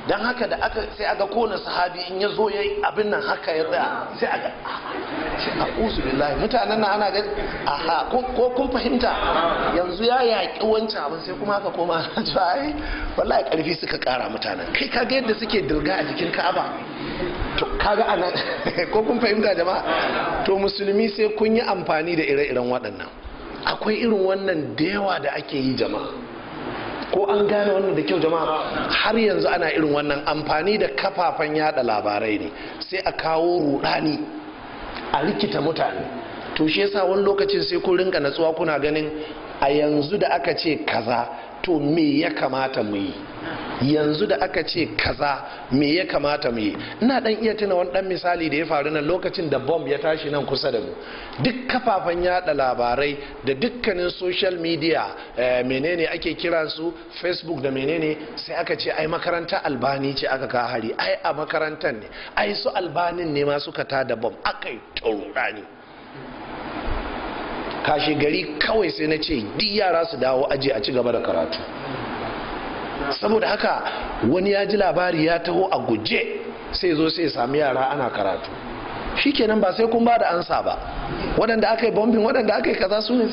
don haka da aka sai aga kona sahabi in ya zo ya yi abin nan haka ya tsaya sai aga a usu billahi mutanen nan ana gani aha ko kun fahimta yanzu ya yaƙi wancan abin sai kuma aka koma na? cewa ai wallahi ƙarfi suka ƙara mutanen kai ga yadda suke dirga a jikin ka'aba to ga anan *laughs* ko kun fahimta jama'a to musulmi sai kun yi amfani da ire-iren waɗannan akwai irin wannan da yawa da ake yi jama'a ko an gane wannan da kyau jama'a har yanzu ana irin wannan amfani da kafafen yada labarai ne sai a kawo rudani a rikita mutane to shi yasa wani lokacin sai ku rinka natsuwa kuna ganin a yanzu da aka ce kaza to me ya kamata mu yi yanzu da aka ce kaza me ya kamata mu yi ina dan iya tuna wani dan misali da ya faru nan lokacin da bomb ya tashi nan kusa da mu duk kafafen yada labarai da dukkanin social media eh, menene ake kiransu su facebook da menene sai aka ce ai makaranta albani ce aka ka hari ai a makarantar ne ai su albanin ne ma suka tada bomb aka yi taurani kashe gari kawai sai na ce duk yara su dawo aji a ci gaba da karatu saboda haka wani ya ji labari ya taho a guje sai zo sai sami yara ana karatu shikenan ba sai kun ba da ansa ba waɗanda aka yi bombin waɗanda aka yi kaza su ne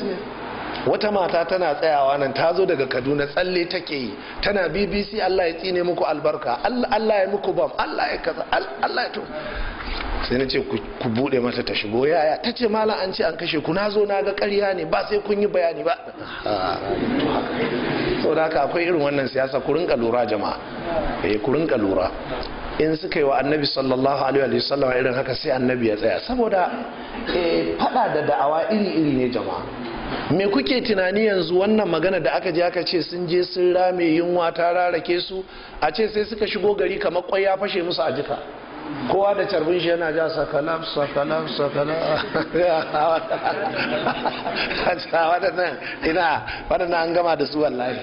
wata mata tana tsayawa nan ta zo daga kaduna tsalle take yi tana bbc allah ya tsine muku albarka allah ya muku bam allah ya kaza allah ya to sai na ce ku bude mata ta shigo yaya ta ce malam an ce an kashe ku na zo na ga karya ne ba sai kun yi bayani ba ah, saboda haka akwai irin wannan siyasa ku rinka lura jama'a eh, ku rinka lura in suka yi wa annabi sallallahu alaihi wasallam irin haka sai annabi ya tsaya saboda eh, fada da da'awa iri-iri ne jama'a me kuke tunani yanzu wannan magana da aka je aka ce sun je sun rame yunwa ta rarake su a ce sai suka shigo gari kamar kwai ya fashe musu a jika kowa da carbin shi yana ja sakalaf sakalaf sakalaf wadannan *laughs* ina wadannan an gama da su wallahi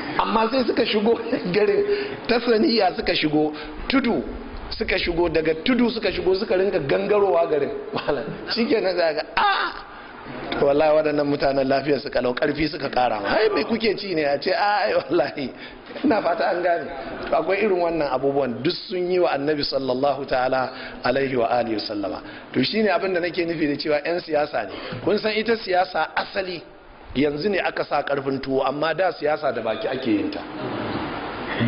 *laughs* amma sai suka shigo garin ta saniya suka shigo tudu suka shigo daga tudu suka shigo suka rinka gangarowa garin malam ke za zaga a ah! wallahi waɗannan mutanen lafiya su kalau karfi suka kara ma ai mai kuke ci ne a ce ai wallahi ina fata an gane akwai irin wannan abubuwan duk sun yi wa annabi sallallahu ta'ala alaihi wa alihi sallama to shine abin da nake nufi da cewa yan siyasa ne kun san ita siyasa asali yanzu ne aka sa karfin tuwo amma da siyasa da baki ake yin ta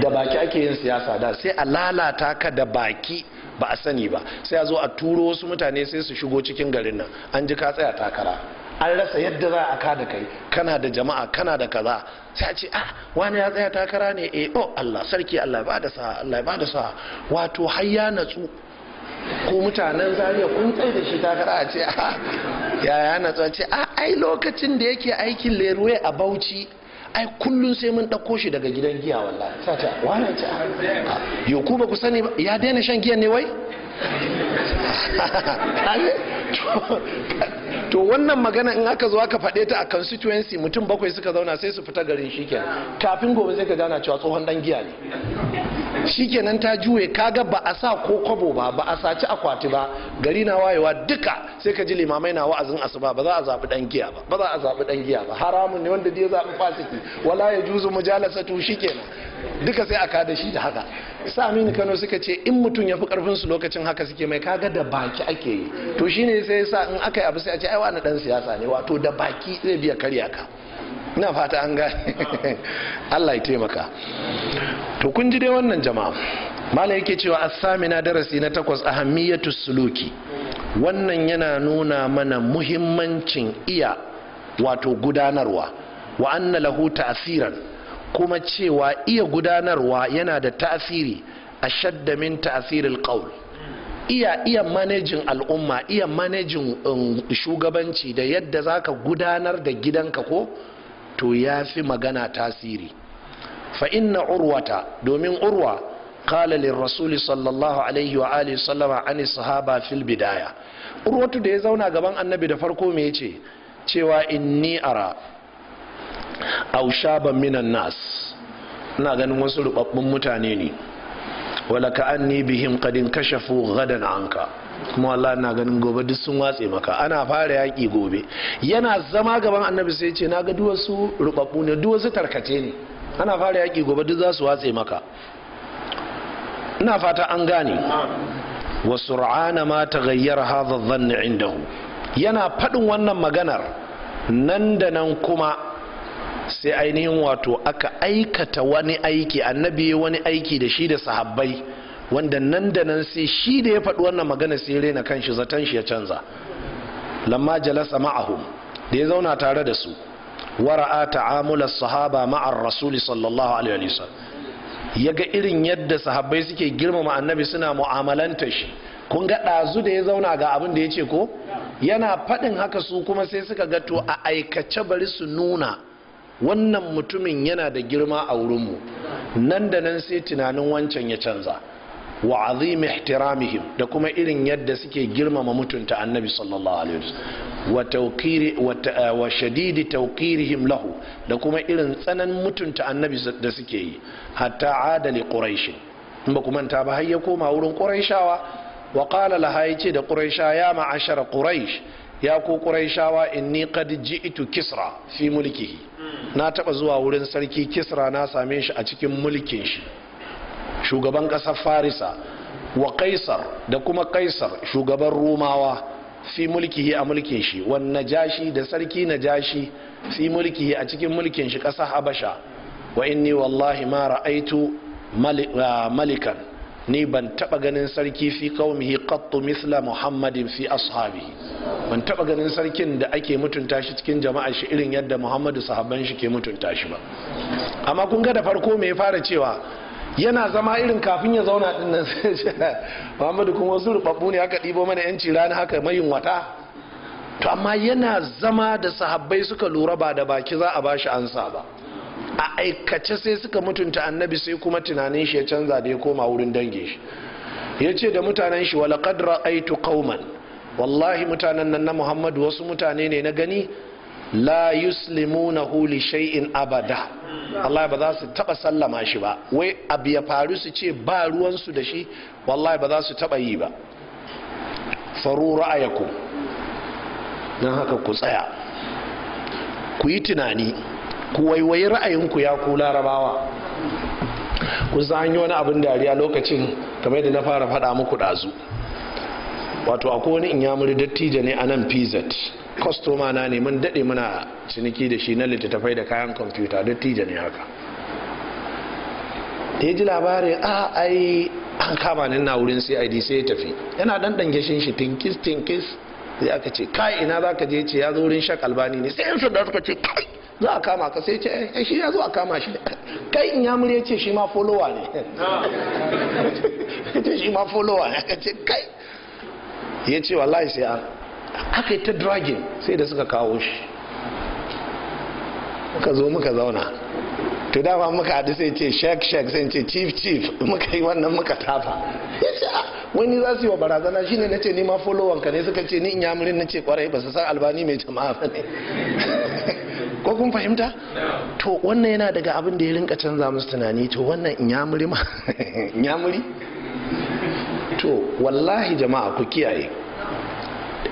da baki ake yin siyasa da sai a lalata ka da baki ba a sani ba sai a zo a turo wasu mutane sai su shigo cikin garin nan an ji ka tsaya takara an rasa yadda za a kada kai kana da jama'a kana da kaza sai a ce ah wani ya tsaya takara ne eh oh Allah sarki Allah ba da sa Allah ba da sa wato har ya natsu ko mutanen zariya kun tsaye da shi takara a ce ah, yaya na ce a ah, ai lokacin da yake aikin leruwe a bauchi ai kullum sai mun ɗauko shi daga gidan giya wallahi ta ta wani ta ah, yau ku ba ku sani ba ya daina shan giya ne wai *laughs* to wannan magana in aka zo aka faɗe ta a constituency mutum bakwai suka zauna sai su fita garin shikenan kafin gobe sai ka gana cewa tsohon dan giya ne shikenan ta juye kaga ba a sa ko kwabo ba ba a saci akwati ba gari na wayewa duka sai ka ji limamai na wa'azin asuba ba za a zaɓi dan giya ba ba za a zaɓi dan giya ba haramun ne wanda ya zabi fasiki wala ya juzu mujalasatu shikenan duka sai aka kada shi da haka sa aminu kano suka ce in mutum ya fi karfin su lokacin haka suke mai kaga da baki ake yi to shine sai sa in aka yi abu sai a ce aiwa na dan siyasa ne wato da baki zai biya karya ka ina fata an gane *laughs* Allah ya taimaka to kun ji dai wannan jama'a malam yake cewa as-samina darasi na takwas ahammiyatu suluki wannan yana nuna mana muhimmancin iya wato gudanarwa wa anna lahu ta'siran kuma cewa iya gudanarwa yana da tasiri a shaddamin tasirin qaul iya iya manajin al'umma iya manajin um, shugabanci da yadda za ka gudanar da gidanka ko to ya fi magana tasiri fa inna urwata domin urwa kalalin rasuli sallallahu alaihi wa alihi sallama an sahaba fil bidaya urwatu da ya zauna gaban annabi da farko mai ce cewa inni ara aw shaban minan nas ina ganin wasu rubabbun mutane ne wala ka anni bihim qadin kashafu gadan anka kuma Allah ina ganin gobe duk sun watse maka ana fara yaki gobe yana zama gaban annabi sai ce naga duk wasu rubabbu ne duk wasu tarkace ne ana fara yaki gobe duk za su watse maka ina fata an gane wa sur'ana ma taghayyara hadha dhann indahu yana faɗin wannan maganar nan da nan kuma sai ainihin wato aka aikata wani aiki annabi wani aiki da shi da sahabbai wanda nan da nan sai shi da ya faɗi wannan magana sai rena shi zaton shi ya canza lamma jalasa ma'ahu da ya zauna tare da su wara'a ta'amula sahaba ma'ar rasuli sallallahu alaihi wasallam ya ga irin yadda sahabbai suke girmama annabi suna mu'amalanta shi kun ga ɗazu da ya zauna ga abin da ya ce ko yana faɗin haka su kuma sai suka ga to a aikace bari su nuna wannan mutumin yana da girma a wurinmu nan da nan sai tunanin wancan ya canza wa azimi ihtiramihim da kuma irin yadda suke girmama mutunta annabi sallallahu alaihi wasallam wa eh, shadidi tawqirihim lahu da kuma irin tsanan mutunta annabi da suke yi hatta adali quraish in ba kuma ta ba har ya koma wurin quraishawa wa qala laha yace da quraisha ya ma'ashara quraish ya ko ni inni ji itu kisra fi mulkihi hmm. na taɓa zuwa wurin sarki kisra na same shi a cikin mulkin shi shugaban ƙasar farisa wa kaisar da kuma kaisar shugaban rumawa fi mulkihi a mulkin shi wan jashi da sarki na jashi fi mulkihi a cikin mulkin shi ƙasar habasha wa inni wallahi ma ra'aitu ah, malikan ni ban taba ganin sarki fi qaumihi qattu mithla muhammadin fi ashabi ban taba ganin sarkin da ake mutunta shi cikin jama'a shi irin yadda muhammadu sahabban shi ke mutunta shi ba amma kun ga da farko me fara cewa yana zama irin kafin ya zauna din nan *laughs* muhammadu kuma wasu rubabbu ne aka ɗibo mana yanci rana haka mayin wata to amma yana zama da sahabbai suka lura ba da baki za a bashi ansa ba a aikace sai suka mutunta annabi sai kuma tunanin shi ya canza da ya koma wurin dangin shi ya ce da mutanen shi wala kadra aitu kauman wallahi mutanen nan na muhammadu wasu mutane ne na gani la yu'slimu na huli shay'in abada wallahi ba za su taba sallama shi ba wai abu ya faru su ce ba ruwansu da shi wallahi ba za su taba yi ba faru ra'ayaku. don haka ku tsaya ku yi tunani ku waiwayi ra'ayinku ya ku larabawa ku yi wani abin dariya lokacin kamar da na fara faɗa muku ɗazu wato akwai wani inyamuri dattijo ne a nan pz customer na ne mun daɗe muna ciniki da shi na littattafai da kayan kwamfuta dattijo ne haka da ya ji labarin a ai an kama nan na wurin cid sai ya tafi yana ɗan ɗan gashin shi tinkis tinkis sai aka ce kai ina za ka je ce ya zo wurin shak albani ne sai yansu da suka ce kai za a kama ka sai ce eh, eh shi ya zo a kama shi kai in ya mure ce shi ma folowa ne ce *laughs* shi ma folowa ne ka ce kai ya ce wallahi sai a aka yi ta dragging sai da suka kawo shi muka zo muka zauna to dama muka haɗu sai ce shek shek sai ce chief chief muka yi wannan muka tafa ah, wani za su yi wa barazana ne na ce ni ma ne suka ce ni in yamurin na ce kwarai ba su san albani mai jama'a ba ne *laughs* ko kun fahimta to wannan yana daga abin da ya rinka canza musu tunani to wannan in yamuri ma *laughs* in yamuri to wallahi jama'a ku kiyaye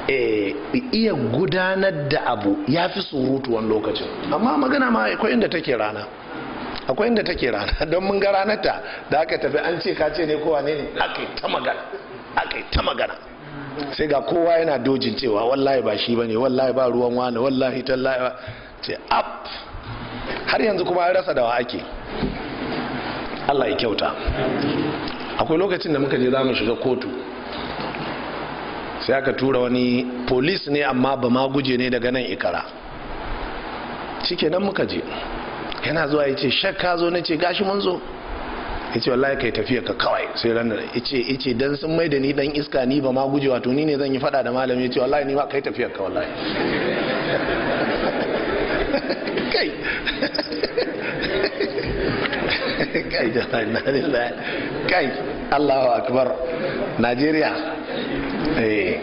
eh, iya gudanar da abu ya fi surutu wani lokacin amma magana ma akwai inda take rana akwai inda take rana *laughs* don mun ga ranarta da aka tafi an ce ka ce ne kowa ne ne aka ta magana aka ta magana sai ga kowa yana dojin cewa wallahi ba shi ba ne wallahi ba ruwan wani wallahi tallahi ce up har yanzu kuma ya rasa da wa ake Allah ya kyauta akwai lokacin da muka je za mu shiga kotu sai aka tura wani polis ne amma ba ma guje ne daga nan ikara cike nan muka je yana zuwa ya ce shakka zo na ce gashi mun zo ya ce wallahi kai tafiya ka kawai sai ranar ya ce ya ce dan sun mai da ni dan iska ni ba ma guje wato ni ne zan yi fada da malami ya ce wallahi ni ma kai tafiya ka wallahi kai allahu akbar najeriya eh.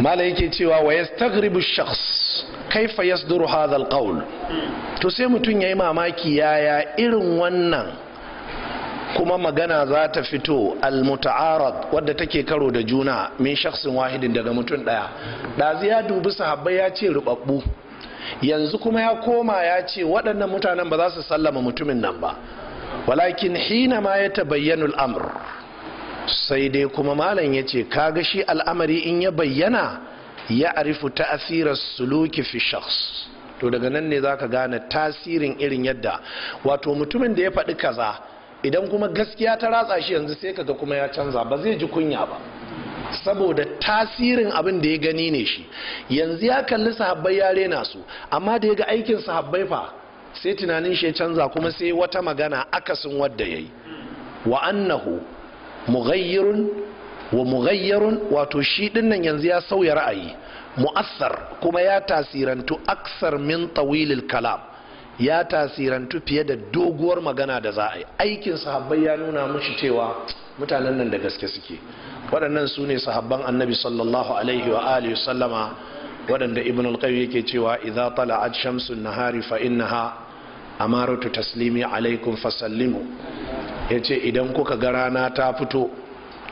mala yake cewa wa yastaghribu shakhs kaifa yasduru hadha alqawl to sai mutum yayi mamaki yaya irin wannan kuma magana za ta fito al al-muta'arad wadda take karo da juna min shaksin wahidin daga mutum ɗaya ɗazu ya dubi sahabbai ya ce rubabbu yanzu kuma ya koma ya ce waɗannan mutanen ba za su sallama mutumin nan ba walakin hina ma ya tabayyanu al'amur sai dai kuma malam ya ce kaga shi al'amari in ya bayyana ya arifu ta'asirar suluki fi shaks to daga nan ne za ka gane tasirin irin yadda wato mutumin da ya faɗi kaza idan kuma gaskiya ta ratsa shi yanzu sai kaga kuma ya canza ba zai ji kunya ba saboda tasirin abin da ya gani ne shi yanzu ya kalli sahabbai ya rena su amma da ya ga aikin sahabbai fa sai tunanin shi ya canza kuma sai wata magana akasin wadda ya yi wa annahu mughayyirun wa mughayyirun wato shi dinnan yanzu ya sauya ra'ayi mu'assar kuma ya tasirantu aksar min tawilil kalam ya tasirantu fiye da doguwar magana da za a yi aikin sahabbai ya nuna mushi cewa mutanen nan da gaske suke waɗannan su ne sahabban annabi sallallahu alaihi wa alihi sallama waɗanda ibn al yake cewa idza tala'at shamsu nahari fa innaha amaratu taslimi alaikum fasallimu yace idan kuka ga rana ta fito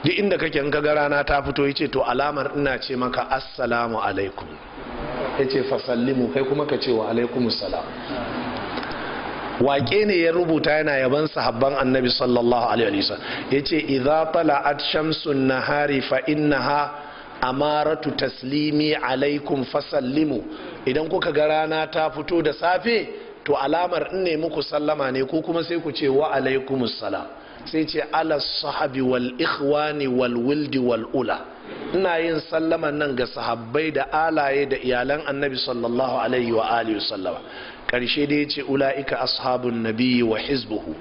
duk inda kake in ka ga rana ta fito yace to alamar ina ce maka assalamu alaikum yace fasallimu kai kuma ka ce wa alaikumus salam Wake ne ya rubuta yana yaban sahabban annabi sallallahu alaihi wasallam yace idza tala'at shamsun nahari fa innaha amaratu taslimi alaikum fasallimu idan kuka ga rana ta fito da safe to alamar in ne muku sallama ne ko kuma sai ku ce wa alaikumus salam sai ce ala sahabi wal ikhwani wal wildi wal ula ina yin sallama nan ga sahabbai da alaye da iyalan annabi sallallahu alaihi wa alihi sallama karshe da yace ulaika ashabun nabiyyi wa hizbuhu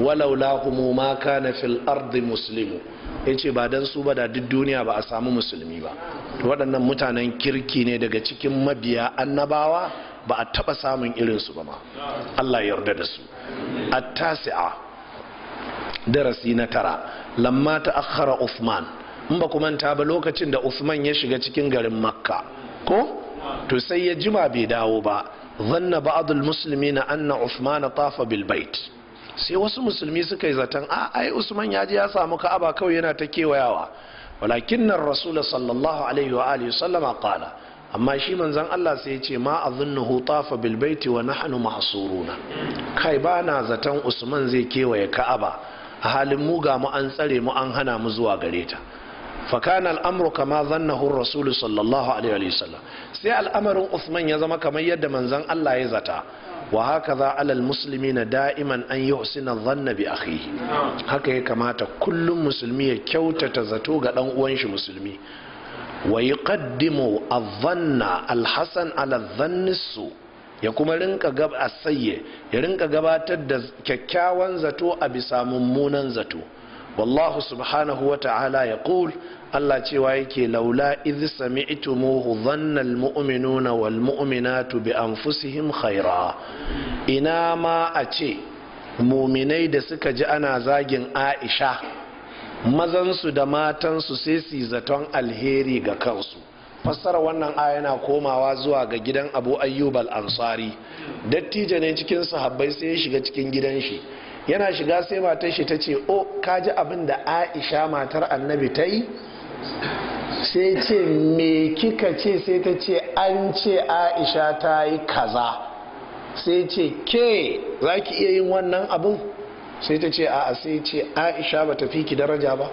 walau lahum ma kana fil ardi muslimu yace ba dan su ba da duk duniya ba a samu musulmi ba waɗannan mutanen kirki ne daga cikin mabiya annabawa ba a taɓa samun irinsu ba ma Allah yarda da su A attasi'a darasi na tara lamma ta Akhara Uthman in ba ku manta ba lokacin da Uthman ya shiga cikin garin Makka ko to sai ya jima bai dawo ba zanna ba'adul musulmi na anna usman tafa bil sai wasu musulmi suka yi zaton a ah, ai usman ya je ya samu ka'aba kawai yana ta kewayawa walakin nan rasul sallallahu alaihi wa alihi sallama qala amma shi manzon Allah sai ya ce ma azunnuhu tafa bil bait wa nahnu mahsuruna kai bana zaton usman zai kewaye ka'aba a halin mu ga mu an tsare mu an hana mu zuwa gare ta fakan al'amru kama zannahu rasulu sallallahu alaihi sallam sai al'amarin usman ya zama kamar yadda manzon Allah ya zata wa haka za alal musulmi na da'iman an yi na zanna bi akhi haka ya kamata kullum musulmi ya kyautata zato ga dan uwan shi musulmi wa yuqaddimu adh a zanna Alhassan ala su ya kuma rinka gab ya rinka gabatar da kyakkyawan zato a bisa mummunan zato wallahu subhanahu wa ta'ala ya qul Allah cewa yake laula idh sami'tumuhu dhanna almu'minuna walmu'minatu bi anfusihim khaira ina ma a ce muminai da suka ji ana zagin Aisha mazansu da matansu sai su zaton alheri ga kansu fassara wannan aya yana komawa zuwa ga gidan abu ayyub al-ansari dattijo ne cikin sahabbai sai ya shiga cikin gidan shi yana shiga sai matar shi ta ce o kaji abin da aisha matar annabi ta yi sai ce me kika ce sai ta ce an ce aisha ta yi kaza sai ce ke za ki iya yin wannan abin sai ta ce a'a sai ce aisha ba ta fi ki daraja ba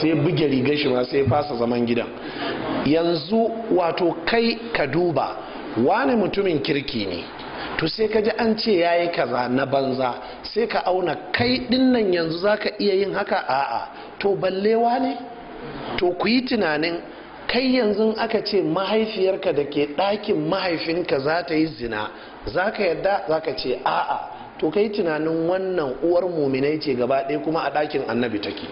sai buge rigar shi ma sai fasa zaman gidan yanzu wato kai ka duba wani mutumin kirki ne to sai ka ji an ce yayi kaza na banza sai ka auna kai dinnan yanzu zaka iya yin haka a'a to ballewa ne to ku yi tunanin kai yanzu aka ce mahaifiyarka da ke ɗakin mahaifinka za ta yi zina za ka yadda za ka ce a'a to kai tunanin wannan uwar muminai ce gaba ɗaya kuma a ɗakin annabi take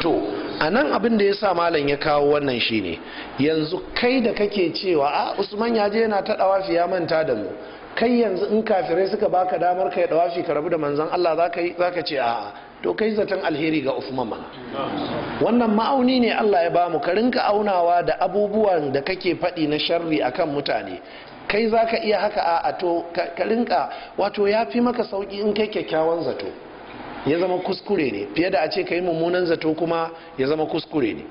to a nan abin da ya sa malam ya kawo wannan shine yanzu kai da kake cewa a usman ya je yana ta dawafi ya manta da mu kai yanzu in kafirai suka baka damar kai dawafi ka rabu da manzon Allah za ka ce a'a to kai zaton alheri ga Usman mana wannan ma'auni ne Allah ya bamu ka rinka aunawa da abubuwan da kake faɗi na sharri akan mutane kai za ka iya haka a'a to ka rinka wato ya fi maka sauki in kai kyakkyawan zato ya zama kuskure ne fiye da a ce ka yi mummunan zato kuma ya zama kuskure ne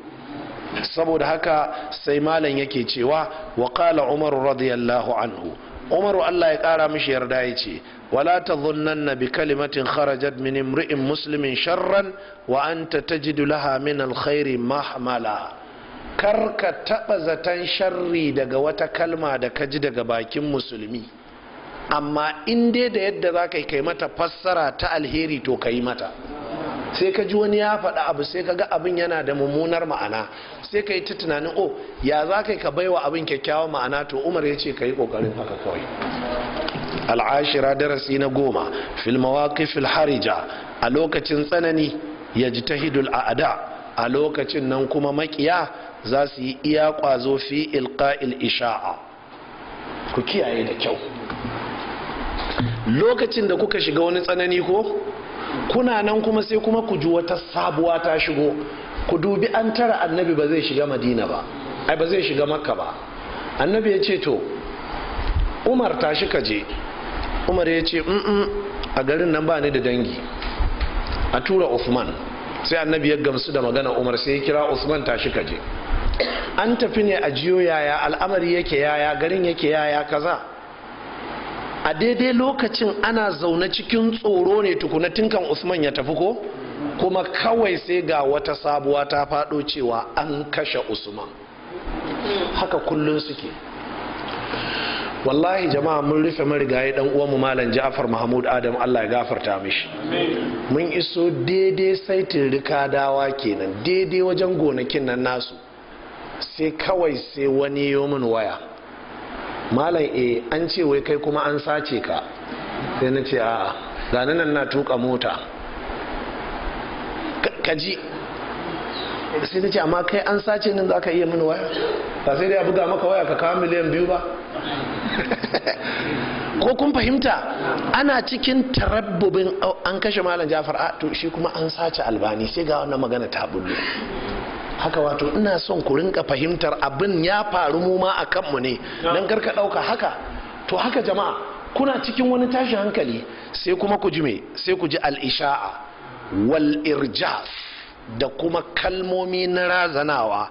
saboda haka sai malam yake cewa wa qala umar radiyallahu anhu umaru allah ya kara mishi yarda ya ce wala na bi kalimatin kharajat min imri'in muslimin sharran wa anta tajidu laha min alkhairi mahmala kar ka taba zaton sharri daga wata kalma da ka ji daga bakin musulmi amma in dai da yadda za ka kai mata fassara ta alheri to ka yi mata sai ka ji wani ya faɗa abu sai ka ga abin yana da mummunar ma'ana sai ka yi ta tunanin o oh, ya za ka ka wa abin kyakkyawan ma'ana to umar ya ce ka yi ƙoƙarin haka kawai al'ashira darasi na goma filmawa kifil harija a lokacin tsanani ya ji ta hidul a'ada a lokacin nan kuma makiya za su yi iya ƙwazo fi il isha'a ku kiyaye da kyau lokacin da kuka shiga wani tsanani ko kuna nan kuma sai kuma ku ji wata sabuwa ta shigo ku dubi an tara annabi ba zai shiga madina ba ai ba zai shiga makka ba annabi ya ce to umar ta ka je umar ya ce a garin nan ba ni da dangi a tura usman sai annabi ya gamsu da magana umar sai ya kira usman ta ka je an tafi ne a jiyo yaya al'amari yake yaya garin yake yaya kaza a daidai lokacin ana zaune cikin tsoro ne tukuna tinkan usman ya tafi ko kuma kawai sai ga wata sabuwa ta faɗo cewa an kashe usman haka kullum suke wallahi jama'a mun rufe marigayi dan uwanmu malam Ja'far Mahmud Adam Allah ya gafarta mishi mun iso daidai saitin rikadawa kenan daidai wajen gonakin nan nasu sai kawai sai wani yomin waya malam e an ce wai kai kuma an sace ka sai na ce a gani nan na tuka mota kaji sai na ce amma kai an sace nan za ka iya mini waya ba sai dai a buga maka waya ka kawo miliyan biyu ba *laughs* ko kun fahimta ana cikin tarabbubin an kashe malam jafar a to shi kuma an sace albani sai ga wannan magana ta bullo haka wato ina son ku rinka fahimtar abin ya faru mu ma a kanmu ne don karka ɗauka haka to haka jama'a kuna cikin wani tashi hankali sai kuma ku ji me sai ku ji al'isha'a wal irja da kuma kalmomi na razanawa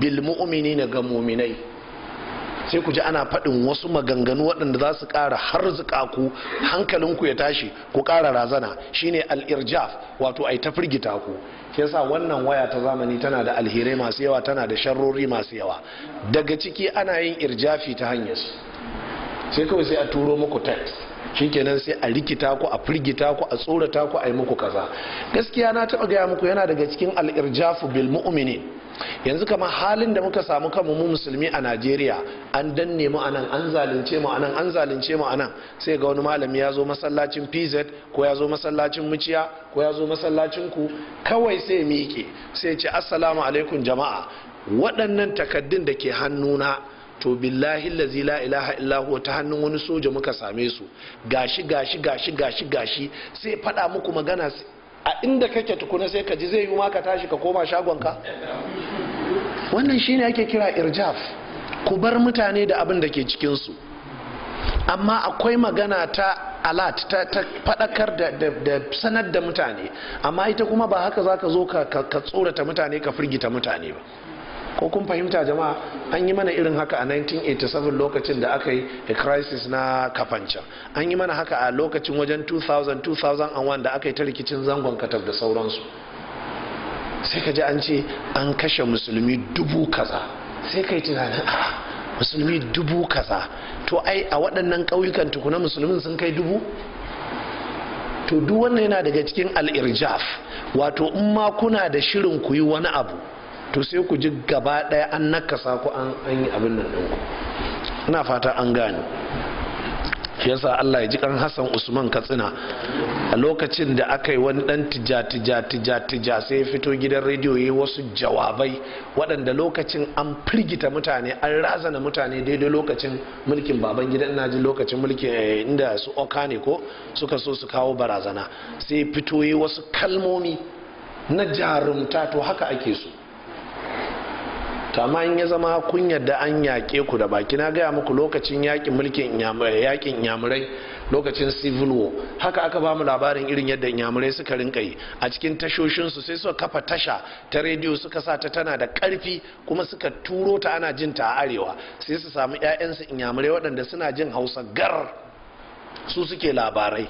bil mu'mini na ga muminai sai ku ji ana faɗin wasu maganganu waɗanda za su ƙara har ku hankalinku ya tashi ku ƙara razana shine al irjaf wato ai ta firgita ku yasa wannan waya ta zamani tana da alherai masu yawa tana da sharrori masu yawa daga ciki ana yin irjafi ta hanyar sai kawai sai a turo muku text shikenan sai a rikita ku a firgita ku a tsorata ku a yi muku kaza gaskiya na taɓa gaya muku yana daga cikin al'irjafu bil mu'minin yanzu kamar halin da muka samu kanmu mu musulmi a Najeriya an danne mu anan an zalunce mu anan an zalunce mu anan sai ga wani malami ya zo masallacin PZ ko ya zo masallacin Muciya ko ya zo masallacin ku kawai sai miƙe sai ce assalamu alaikum jama'a waɗannan takaddun da ke hannuna to billahi lazi la ilaha illahu ta hannun wani soja muka same su gashi gashi gashi gashi gashi sai faɗa muku magana a inda kake tukuna sai ka ji zai yi maka tashi ka koma shagonka wannan shine ake kira irjaf ku bar mutane da abin da ke cikinsu amma akwai magana ta alat ta, ta faɗakar da, da, da sanar da mutane amma ita kuma ba haka za ka zo ka tsorata mutane ka firgita mutane ba ko kun fahimta jama'a an yi mana irin haka a 1987 lokacin da aka yi a crisis na kafanca an yi mana haka a lokacin wajen 2000 2001 da aka yi ta rikicin zangon katab da sauransu sai ka ji an ce an kashe musulmi dubu kaza sai ka yi tunanin ah, musulmi dubu kaza to ai a waɗannan ƙauyukan tukuna musulmin sun kai dubu to duk wannan yana daga cikin al'irjaf wato in ma kuna da shirin ku yi wani abu to sai ku ji gaba ɗaya an nakasa ku an yi abin nan ɗinku ina fata an gane yasa Allah ya ji kan Hassan Usman Katsina a lokacin da aka yi wani dan tija tija tija tija sai ya fito gidan rediyo yi wasu jawabai waɗanda lokacin an firgita mutane an razana mutane daidai lokacin mulkin baban gidan ji lokacin mulkin eh, inda su oka ne ko suka so su kawo barazana sai fito yi wasu kalmomi na jarumta to haka ake so to amma in ya zama kun yadda an yaƙe ku da baki na gaya muku lokacin yaƙin mulkin yaƙin inyamurai lokacin civil war haka aka ba mu labarin irin yadda inyamurai suka rinka yi a cikin tashoshinsu sai suka kafa tasha ta rediyo suka sa ta tana da ƙarfi kuma suka turo ta ana jin ta a arewa sai su samu 'ya'yansu inyamurai waɗanda suna jin hausa gar su suke labarai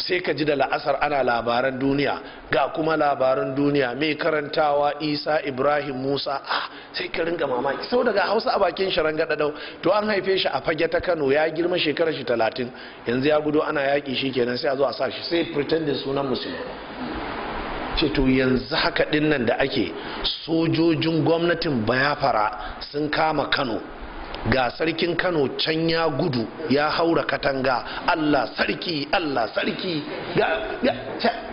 sai ka ji da la'asar ana labaran duniya ga kuma labaran duniya mai karantawa isa ibrahim musa ah sai ka ringa mamaki sau daga hausa a bakin shi ranga to an haife shi a fage ta kano ya girma shekarar shi talatin yanzu ya gudu ana yaƙi shi kenan sai a zo a sa shi sai pretending sunan musulmi ce to yanzu haka dinnan da ake sojojin gwamnatin bayafara sun kama kano ga sarkin kano can ya gudu ya haura katanga allah sarki allah sarki ga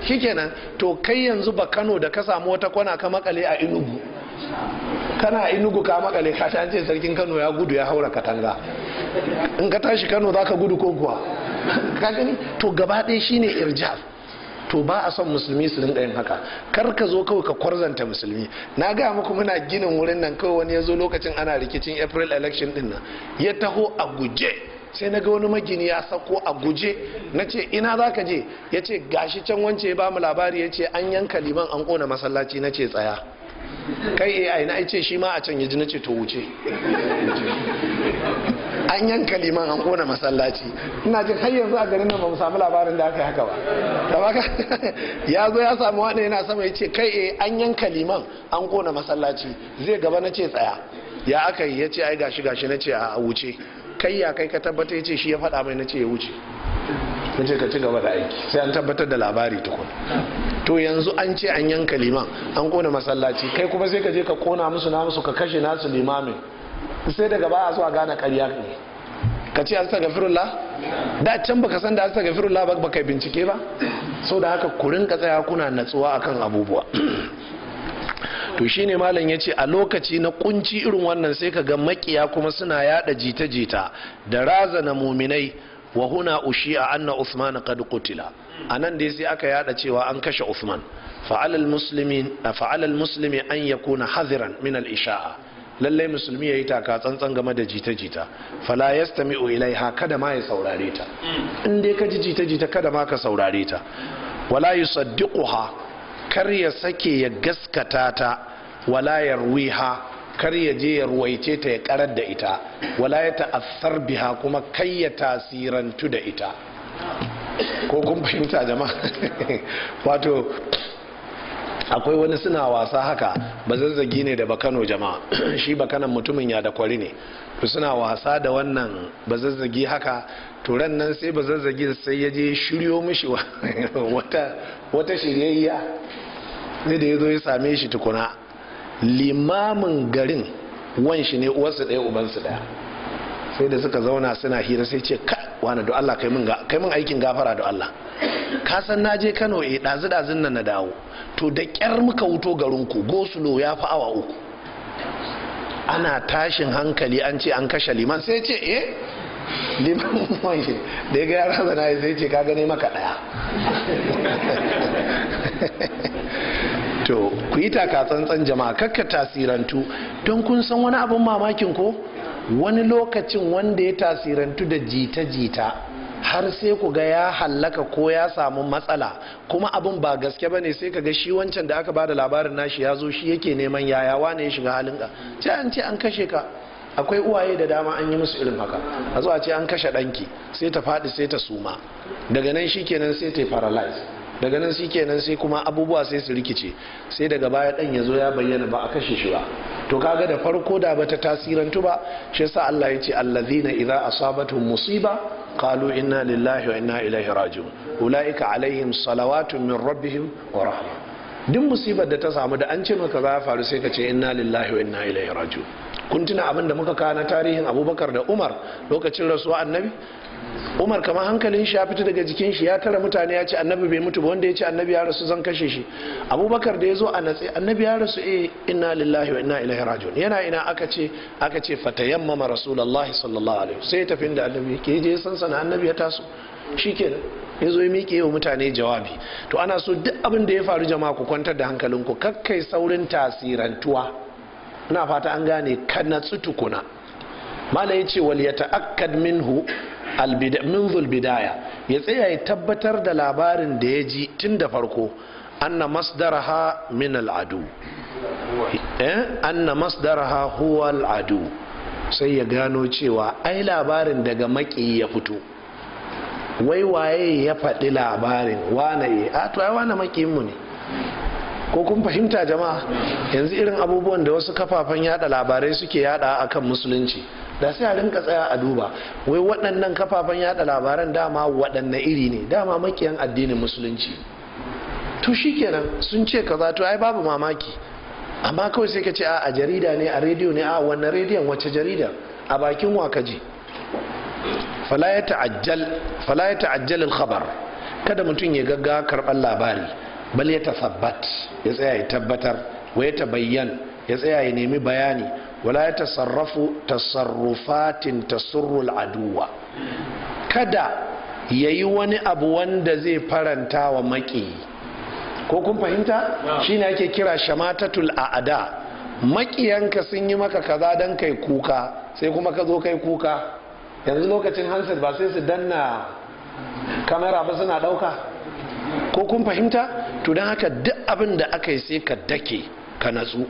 kenan to kai yanzu ba kano da ka samu wata kwana ka makale a inugu kana inugu ka makale ka ta ce sarkin kano ya gudu ya haura katanga in ka tashi kano za ka gudu ko kuwa ka gani to gaba ɗaya shine irjaz to ba a son musulmi su rinka yin haka kar ka zo kawai ka kwarzanta musulmi na ga muku muna ginin wurin nan kawai wani ya zo lokacin ana rikicin april election din nan ya taho a guje sai na ga wani magini ya sako a guje na ce ina za ka je ya ce gashi can wance ya mu labari ya ce an yanka liman an kona masallaci na ce tsaya kai ai na ce shi ma a can ya ji na ce to wuce an yanka liman an kona masallaci ina jin har yanzu a garin nan ba mu samu labarin da aka yi haka ba *laughs* ya zo ya samu wani yana sama ya ce kai eh an yanka liman an kona masallaci zai gaba na ce tsaya ya aka yi ya ce ai gashi gashi na ce a wuce kai ya kai ka tabbata ya ce shi ya faɗa mai na ce ya wuce na ce ka ci gaba da aiki sai an tabbatar da labari tukun to yanzu an ce an yanka liman an kona masallaci kai kuma sai ka je ka kona musu na musu ka kashe nasu limamin sai daga baya so a gane ƙarya ne ka ce astaghfirullah da can baka san da astaghfirullah ba baka bincike ba sau da haka kurin rinka tsaya kuna natsuwa akan abubuwa *clears throat* to shine malam ya ce a lokaci na kunci irin wannan sai ka ga makiya kuma suna yada jita-jita da razana muminai wa huna ushi a anna usman qad qutila anan dai sai aka yada cewa an kashe usman fa'alal muslimi an yakuna hadiran min al-isha'a lallai musulmi ya yi taka tsantsan game da jita-jita fala ilai ha kada ma ya saurare ta mm. in dai ka ji jita-jita kada ma ka saurare ta wala ha. kar ya sake ya gaskata ta wala ha. kar ya je ya ruwaice ta ya karar da ita wala ya ta'assar biha kuma kai ya tasirantu da ita ko kun fahimta jama'a *laughs* wato akwai wani suna wasa haka bazazzagi ne da bakano jama'a *clears throat* shi bakanan mutumin ya da kwari ne to suna wasa da wannan bazazzagi haka turan nan sai bazazzagi sai ya je shiryo mishi *laughs* wata wata shiryayya sai da ya zo ya same shi tukuna limamin garin wanshi ne uwarsu ɗaya ubansu ɗaya sai da suka zauna suna hira sai ce wani da Allah kai min aikin gafara da Allah ka san na je Kano e eh, dazu dazun nan na dawo to da kyar muka wuto garin ku gosulo ya fi awa uku ana tashin hankali an ce an kashe liman sai ce eh liman wani da ya ga yara na yi sai ce ka gane maka daya *laughs* to ku yi taka tsantsan jama'a kakka tasirantu don kun san wani abin mamakin ko wani lokacin wanda ya tasirantu da jita-jita har sai ku ga ya hallaka ko ya samu matsala kuma abin ba gaske ba ne sai ka ga shi wancan da aka ba da labarin nashi ya zo shi yake neman yaya wane ya shiga halin ka ce an ce an kashe ka akwai uwaye da dama an yi musu irin haka a zuwa ce an kashe ɗanki sai ta faɗi sai ta suma daga nan shi kenan sai ta yi paralyze daga nan shi kenan sai kuma abubuwa sai su rikice sai daga baya dan ya zo ya bayyana ba a kashe shi ba to kaga da farko da bata tasirantu ba shi yasa Allah ya ce allazina idza asabatuhum musiba qalu inna lillahi wa inna ilaihi raji'un ulaika alaihim salawatu min rabbihim wa rahma duk musibar da ta samu da an ce maka za ya faru sai ka ce inna lillahi wa inna ilaihi raji'un kun tuna abin da muka kana tarihin abubakar da umar lokacin rasuwa annabi umar kamar hankalin shi ya fito daga jikin shi ya tara mutane ya ce annabi bai mutu ba wanda ya ce annabi ya rasu zan kashe shi abubakar da ya zo a natse annabi ya rasu eh inna lillahi wa inna ilaihi rajiun yana ina aka ce aka ce rasu rasulullahi sallallahu alaihi sai ya tafi inda annabi ke je san sana annabi ya taso shikenan ya zo ya miƙe wa mutane jawabi to ana so duk abin da ya faru jama'a ku kwantar da hankalinku kakkai saurin tasirantuwa ina fata an gane ka natsu tukuna malai ya ce wal yata'akkad minhu minzul bidaya ya tsaya ya tabbatar da labarin da ya ji tun da farko anna masdaraha min al'adu eh? sai ya gano cewa ai labarin daga maki ya fito wai waye ya faɗi labarin wane a to ai wane makiyin mu ne ko kun fahimta jama'a yanzu irin abubuwan da wasu kafafen yada labarai suke yada akan musulunci da sai a rinka tsaya a duba wai waɗannan kafafen yada labaran dama waɗanne iri ne dama makiyan addinin musulunci to kenan sun ce kaza to ai babu mamaki amma kawai sai ka ce a jarida ne a rediyo ne a wannan rediyon wacce jarida a bakin wa falayata fala ya ta'ajjal al-khabar kada mutum ya gaggawa karɓar labari bal ya tasabbat ya tsaya ya tabbatar wa ya tabayyan ya tsaya ya nemi bayani wala ya tasarrafu tasarrufatin tasurrul aduwa kada ya yi wani abu wanda zai faranta wa maki ko kun fahimta shine ake kira shamatatul a'ada makiyanka sun yi maka kaza don kai kuka sai kuma ka zo kai kuka yanzu lokacin hansar ba sai su danna kamera ba suna dauka ko kun fahimta to don haka duk abin da aka yi sai ka dake ka natsu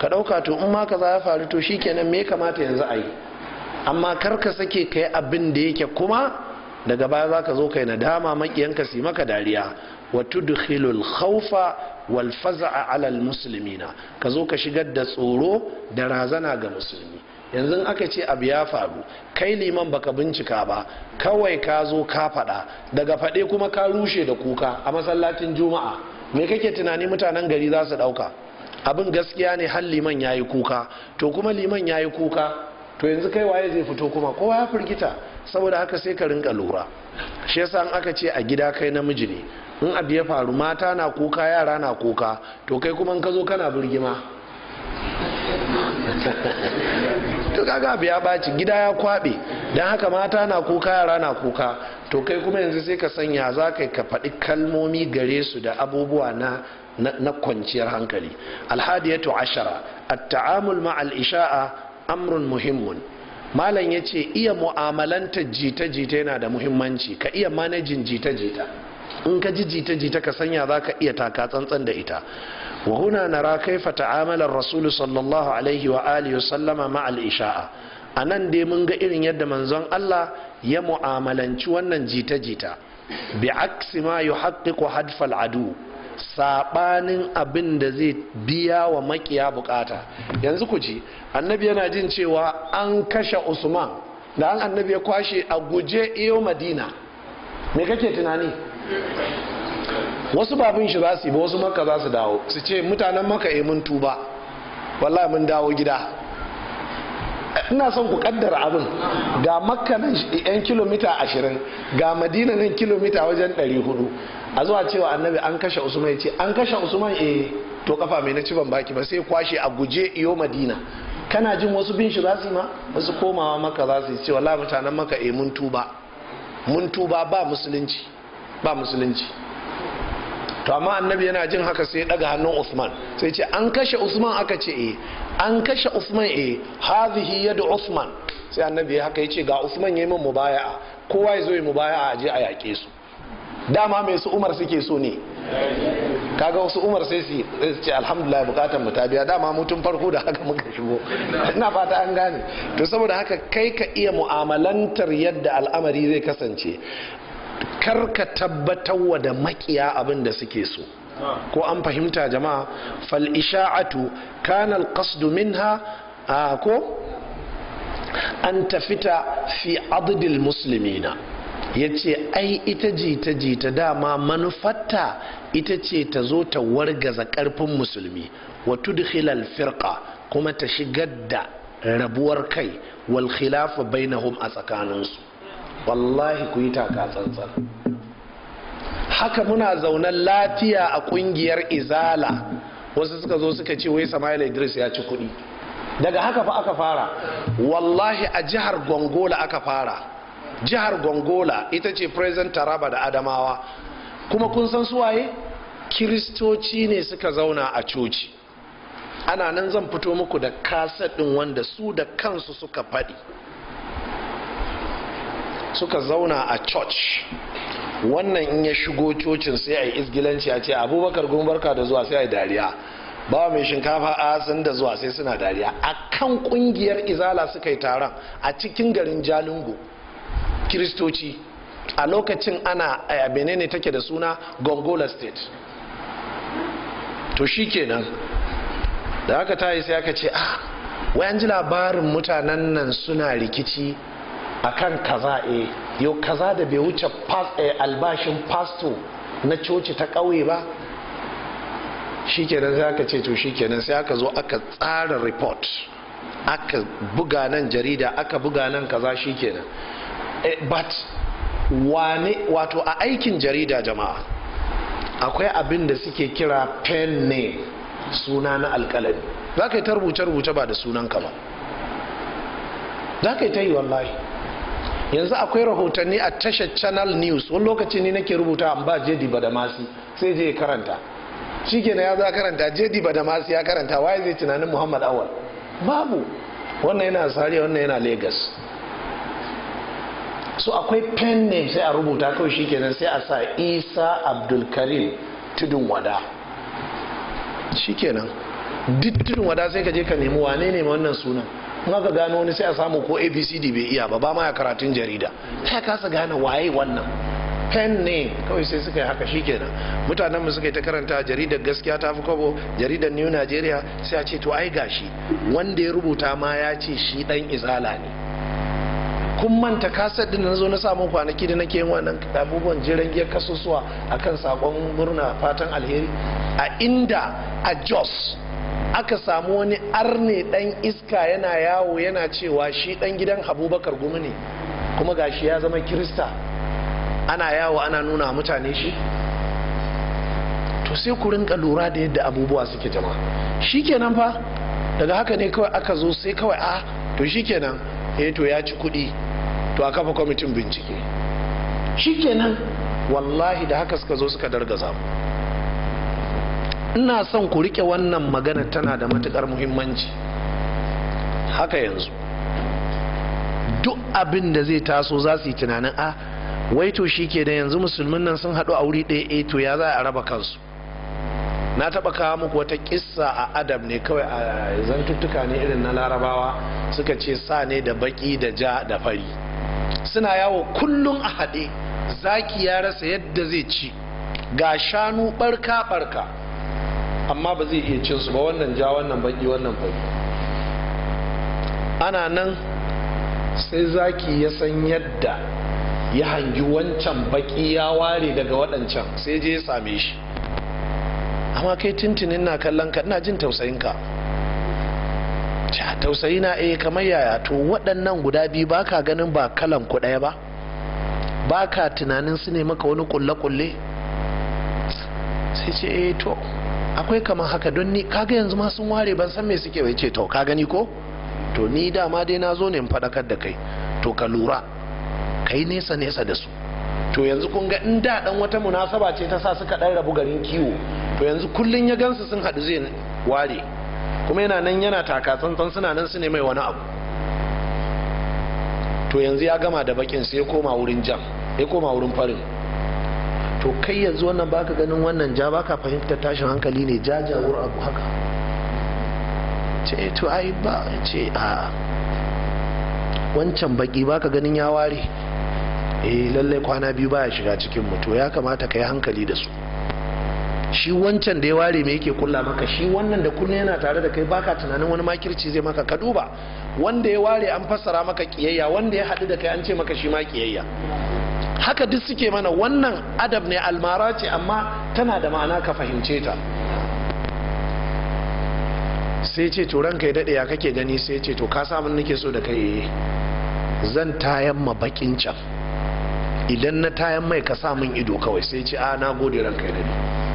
ka ɗauka to in ma kaza ya faru to shikenan me kamata yanzu a yi amma kar ka sake ka yi abin da yake kuma daga baya za ka zo kai nadama ka su maka dariya wa tudkhilul khawfa wal faz'a ala al muslimina ka zo ka shigar da tsoro da razana ga musulmi yanzu aka ce abu ya faru kai liman baka bincika ba kawai ka zo ka faɗa daga faɗe kuma ka rushe da kuka a masallacin juma'a me kake tunani mutanen gari za su ɗauka abin gaskiya ne har liman ya yi kuka to kuma liman ya yi kuka to yanzu kai waye zai fito kuma kowa ya firgita saboda haka sai ka rinka lura shi yasa in aka ce a gida kai namiji ne in abu ya faru mata na kuka yara na kuka to kai kuma in ka zo kana birgima *laughs* kaga abu ya baci gida ya kwabe don haka mata na kuka yara na kuka to kai kuma yanzu sai ka sanya za ka ka faɗi kalmomi gare su da abubuwa na na kwanciyar hankali alhadiyatu ashara at-ta'amul ma'al isha'a amrun muhimmun malam ya ce iya mu'amalanta jita-jita yana da muhimmanci ka iya manajin jita-jita in ka ji jita-jita ka sanya za ka iya taka tsantsan da ita وهنا نرى كيف تعامل الرسول صلى الله عليه وآله وسلم مع الإشاعة anan dai mun ga irin yadda manzon Allah ya mu'amalanci wannan jita-jita bi aksi ma yuhaqqiqu hadfal adu sabanin abin da zai biya wa makiya bukata yanzu ku ji annabi yana jin cewa an kashe Usman da an annabi ya kwashe a guje iyo Madina me kake tunani wasu babin shi za su yi ba wasu maka za su dawo su ce mutanen maka e eh, mun tuba wallahi mun dawo gida ina son ku kaddar abin ga makka nan yan kilomita ashirin ga madina nan kilomita wajen 400 hudu a zuwa cewa annabi an kashe usman ya ce an kashe usman e to kafa mai na ci ban baki ba sai kwashe a guje iyo madina kana jin wasu bin shi za su yi ma wasu komawa maka za su yi ce wallahi mutanen maka e eh, mun tuba mun tuba ba musulunci ba musulunci to amma annabi yana jin haka sai daga hannun usman sai ce an kashe usman aka ce eh an kashe usman eh hazihi yadu usman sai annabi haka ya ce ga usman ya yi min mubaya'a kowa ya zo yi mubaya'a a je a yaƙe su dama mai su umar suke so ne kaga wasu umar sai su ce alhamdulillah bukatar mu ta biya dama mutum farko da haka muka shigo ina fata an gane to saboda haka kai ka iya mu'amalantar yadda al'amari zai kasance karka wa da makiya abin da suke so ko an fahimta jama'a fal isha'atu kana alqasd minha ko an tafita fi adadil muslimina ya ce ai ita jita jita dama manufata ita ce ta zo ta wargaza karfin musulmi wa tudkhilal firqa kuma ta shigar da rabuwar kai wal khilafa bainahum a tsakaninsu wallahi ku yi taka tsantsan haka muna zaunan lafiya a kungiyar izala wasu suka zo suka ce wai samayil idris ya ci kuɗi daga haka fa aka fara wallahi a jihar gongola aka fara jihar gongola ita ce present taraba da adamawa kuma kun san suwaye kiristoci ne suka zauna a coci ana nan zan fito muku da kaset ɗin wanda su da kansu suka faɗi suka zauna a church wannan in ya shigo cocin sai a yi isgilanci a ce abubakar gumbarka da zuwa sai a yi dariya ba mai shinkafa a sun da zuwa sai suna dariya a kan kungiyar izala suka yi taron a cikin garin jalingo kiristoci a lokacin ana a eh, benene take da suna gongola state to shi kenan da aka tayi sai aka ce ah wayan ji labarin mutanen nan suna rikici akan kaza e yau kaza da bai wuce eh, albashin pasto na coci ta ƙauye ba shikenan sai aka ce to shikenan sai aka zo aka tsara report aka buga nan jarida aka buga nan kaza shikenan eh, but wane wato a aikin jarida jama'a akwai abin da suke kira pen ne suna na alkalami za ka yi ta rubuce-rubuce ba da sunanka ba za ka yi ta yi wallahi yanzu akwai rahotanni a tashar channel news wani lokaci ne nake rubuta an ba jedi badamasi sai je karanta shi kenan ya za karanta jedi badamasi ya karanta waye zai tunanin muhammad awal babu wannan yana zaria wannan yana lagos so akwai pen name sai a rubuta kawai shi kenan sai a sa isa abdulkarim tudun wada shi kenan duk tudun wada sai ka je ka nemi wane ne wannan sunan kuma ka gano wani sai a samu ko abcd bai iya ba ba ma ya karatun jarida ta kasa gane waye wannan pen ne kawai sai suka yi haka shikenan mutanen mu suka yi ta karanta jaridar gaskiya ta fi kwabo jaridar new nigeria sai a ce to ai gashi wanda ya rubuta ma ya ce shi dan izala ne kun manta kasar din na zo na samu kwanaki da nake yin wannan abubuwan jiran giyar kasusuwa kan sakon murna fatan alheri a inda a jos aka samu wani arne dan iska yana yawo yana cewa shi dan gidan abubakar gumi ne kuma gashi ya zama kirista ana yawo ana nuna mutane shi to sai ku rinka lura da yadda abubuwa suke jama shikenan fa daga haka ne kawai aka zo sai kawai a ah, to shikenan eh to ya ci kuɗi to a kafa kwamitin bincike shi shikenan wallahi da haka suka zo suka dargaza mu ina son ku rike wannan magana tana da matukar muhimmanci haka yanzu duk abin da zai taso za su yi tunanin a ah, wai to shi ke da yanzu musulmin nan sun haɗu a wuri ɗaya eh, to ya za a raba kansu na taba kawo muku wata kissa a adam ne kawai a zantuttuka ne irin na larabawa suka ce sa ne da baki da ja da fari suna yawo kullum a haɗe zaki ya rasa yadda zai ci ga shanu barka barka amma ba zai iya cinsu ba wannan ja wannan baki wannan fari ana nan sai zaki ya san yadda ya hangi wancan baki ya ware daga waɗancan sai je ya same shi amma kai tintinin na kallon ka ina jin tausayin ka tausayi na eh kamar yaya to waɗannan guda biyu ba ka ganin ba kalan ku ɗaya ba ba ka tunanin su ne maka wani kulle-kulle sai ce eh to akwai kamar haka don ni kaga yanzu ma sun ware ban san me suke wace ce to ka gani ko to ni dama dai na zo ne in faɗakar da kai to ka lura ka yi nesa nesa da su to yanzu kun ga in da dan wata munasaba ce ta sa suka ɗan rabu garin kiwo to yanzu kullun ya gansu sun haɗu zai ware kuma yana nan yana taka tsantsan suna nan su ne mai wani abu to yanzu ya gama da bakin sai ya koma wurin jan ya koma wurin farin to kai yanzu wannan baka ganin wannan ja baka fahimtar tashin hankali ne jaja jawur abu haka ce eh, to ai ba ce a wancan baki baka ganin ya ware eh lallai kwana biyu baya shiga cikin mu to ya kamata kai hankali da su shi wancan da ya ware me yake kula maka shi wannan da kullum yana tare da kai baka tunanin wani makirci zai maka ka duba wanda ya ware an fassara maka kiyayya wanda ya haɗu da kai an ce maka shi ma kiyayya haka duk suke mana wannan adab ne almara ce amma tana da ma'ana ka fahimce ta sai ce to ranka ya daɗe ya kake gani sai ce to ka samun nake so da kai eh. zan tayan ma bakin can idan na tayan mai ka sa min ido kawai sai ce a na gode ranka ya daɗe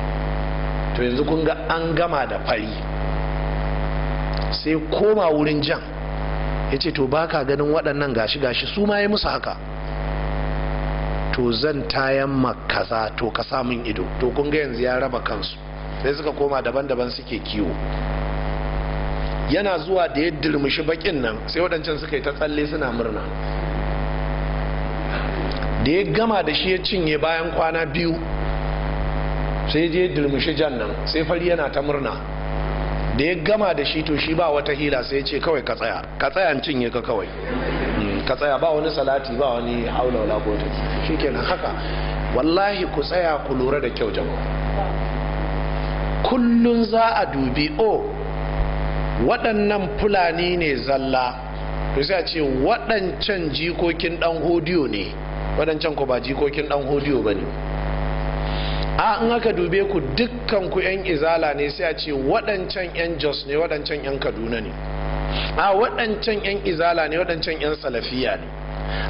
to yanzu kun ga an gama da fari sai koma wurin jan ya ce to baka ganin waɗannan gashi gashi su ma ya musu haka to zan tayan makaza to ka samun ido to kun ga yanzu ya raba kansu sai suka koma daban-daban suke kiwo yana zuwa da ya dirmishi bakin nan sai waɗancan suka yi ta tsalle suna murna da ya gama da shi ya cinye bayan kwana biyu sai je durmushi jan nan sai fari yana ta murna da ya gama da shi to shi ba wata hila sai ce kawai ka tsaya ka tsaya cinye ka kawai hmm, ka tsaya ba wani salati ba wani haula wala gota shikenan haka wallahi ku tsaya ku lura da kyau jama'a kullun za a dubi o waɗannan fulani ne zalla to sai a ce waɗancan jikokin ɗan hodiyo ne waɗancan ku ba jikokin ɗan hodiyo ba ne a in aka dube ku dukkan ku yan izala ne sai a ce waɗancan yan jos ne waɗancan yan kaduna ne a waɗancan yan izala ne waɗancan yan salafiya ne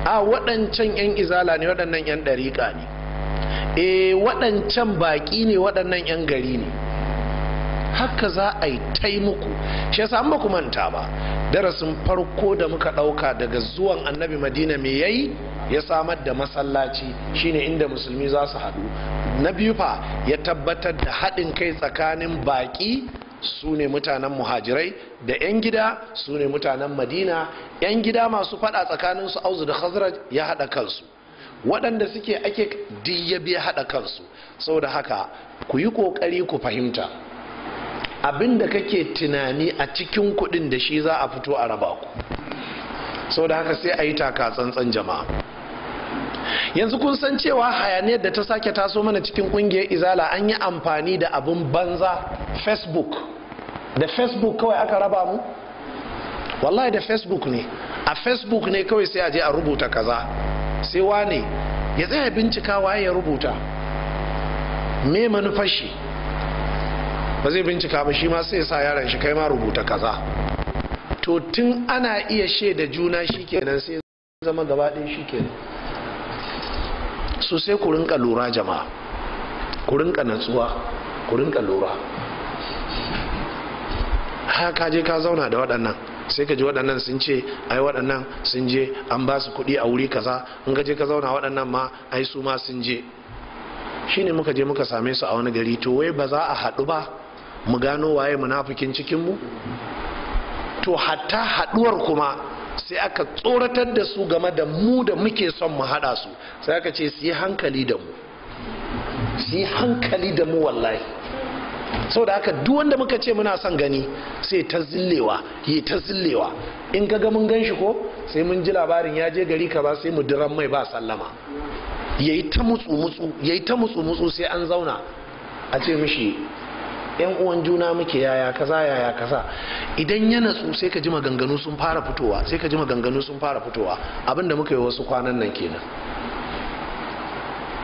a waɗancan yan izala ne waɗannan yan ɗariƙa ne e waɗancan baƙi ne waɗannan yan gari ne haka za a yi shi yasa an ba ku manta ba darasin farko da muka ɗauka daga zuwan annabi madina me yayi ya samar da masallaci shine inda musulmi za su haɗu na biyu fa ya tabbatar da haɗin kai tsakanin baƙi su ne mutanen muhajirai da 'yan gida su ne mutanen madina 'yan gida masu faɗa tsakanin su auzu da khazraj ya haɗa kansu waɗanda suke ake duk haɗa kansu saboda haka ku yi ƙoƙari ku fahimta abinda kake tunani a cikin kuɗin da shi za a fito a raba ku sau da haka sai a yi taka tsantsan jama'a yanzu kun san cewa hayaniyar da ta sake taso mana cikin ƙungiyar izala an yi amfani da abin banza facebook da facebook kawai aka raba mu wallahi da facebook ne a facebook ne kawai sai a je a rubuta kaza sai wane ya tsaya bincika waye ya rubuta me manufashi ba zai bincika ba shi ma sai sa yaran shi kai ma rubuta kaza to tun ana iya shaida juna shi kenan sai zama gaba ɗaya shikenan Su sai ku rinka lura jama'a ku rinka natsuwa ku rinka lura ha ka je ka zauna da waɗannan sai ka ji waɗannan sun ce ai waɗannan sun je an ba su kuɗi a wuri kaza in ka je ka zauna waɗannan ma ai su ma sun je ne muka je muka same su a wani gari to wai ba za a haɗu ba mu gano waye munafikin mu? to hatta haduwar kuma sai aka tsoratar da su game da mu da muke son mu hada su sai aka ce su yi hankali da mu su hankali da mu wallahi saboda aka duk wanda muka ce muna son gani sai ta zillewa yi ta zillewa in ga mun gan shi ko sai mun ji labarin ya je gari ka ba sai mu diran mai ba sallama yayi ta mutsu mutsu ta mutsu mutsu sai an zauna a ce mishi yan uwan juna muke yaya kaza yaya kaza idan ya natsu sai ka ji maganganu sun fara fitowa sai ka ji maganganu sun fara fitowa abinda muka yi wasu kwanan nan kenan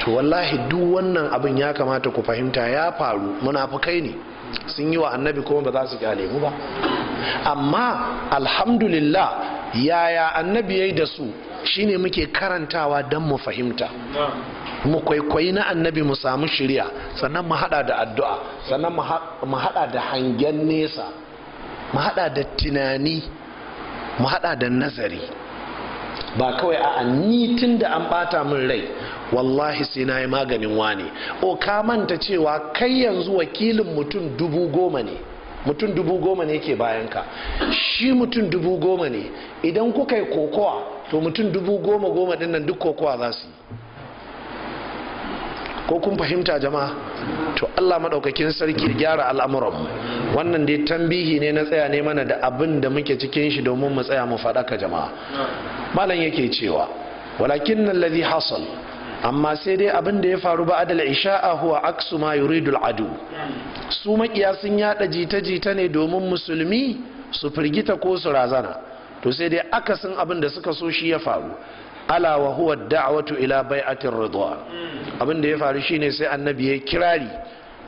to wallahi duk wannan abin ya kamata ku fahimta ya faru munafukai ne sun yi wa annabi kuma ba za su kyale mu ba amma alhamdulillah yaya annabi ya da su shine muke karantawa don mu fahimta mu kwaikwayi na annabi mu samu shirya sannan mu hada da addu'a sannan mu hada da hangen nesa mu hada da tunani mu hada da nazari ba kawai a ni tun da an bata min rai wallahi sai na yi maganin wani o ka manta cewa kai yanzu wakilin mutum dubu goma ne mutum dubu goma ne ke bayanka shi mutum dubu goma ne idan kuka yi kokowa to mutum dubu goma goma din nan duk kokowa za su yi ko kun fahimta jama'a to Allah madaukakin sarki ya gyara al'amuran wannan dai tambihi ne na tsaya ne mana da abin da muke cikin shi domin mu tsaya mu faɗaka jama'a malam yake cewa walakin nan lazi hasal amma sai dai abin da ya faru ba adal isha'a huwa aksu ma yuridul adu su makiya sun yada jita-jita ne domin musulmi su firgita ko su razana to sai dai akasin abin da suka so shi ya faru ala wa huwa da'watu ila bai'atir ridwan abin da ya faru shine sai annabi ya kirari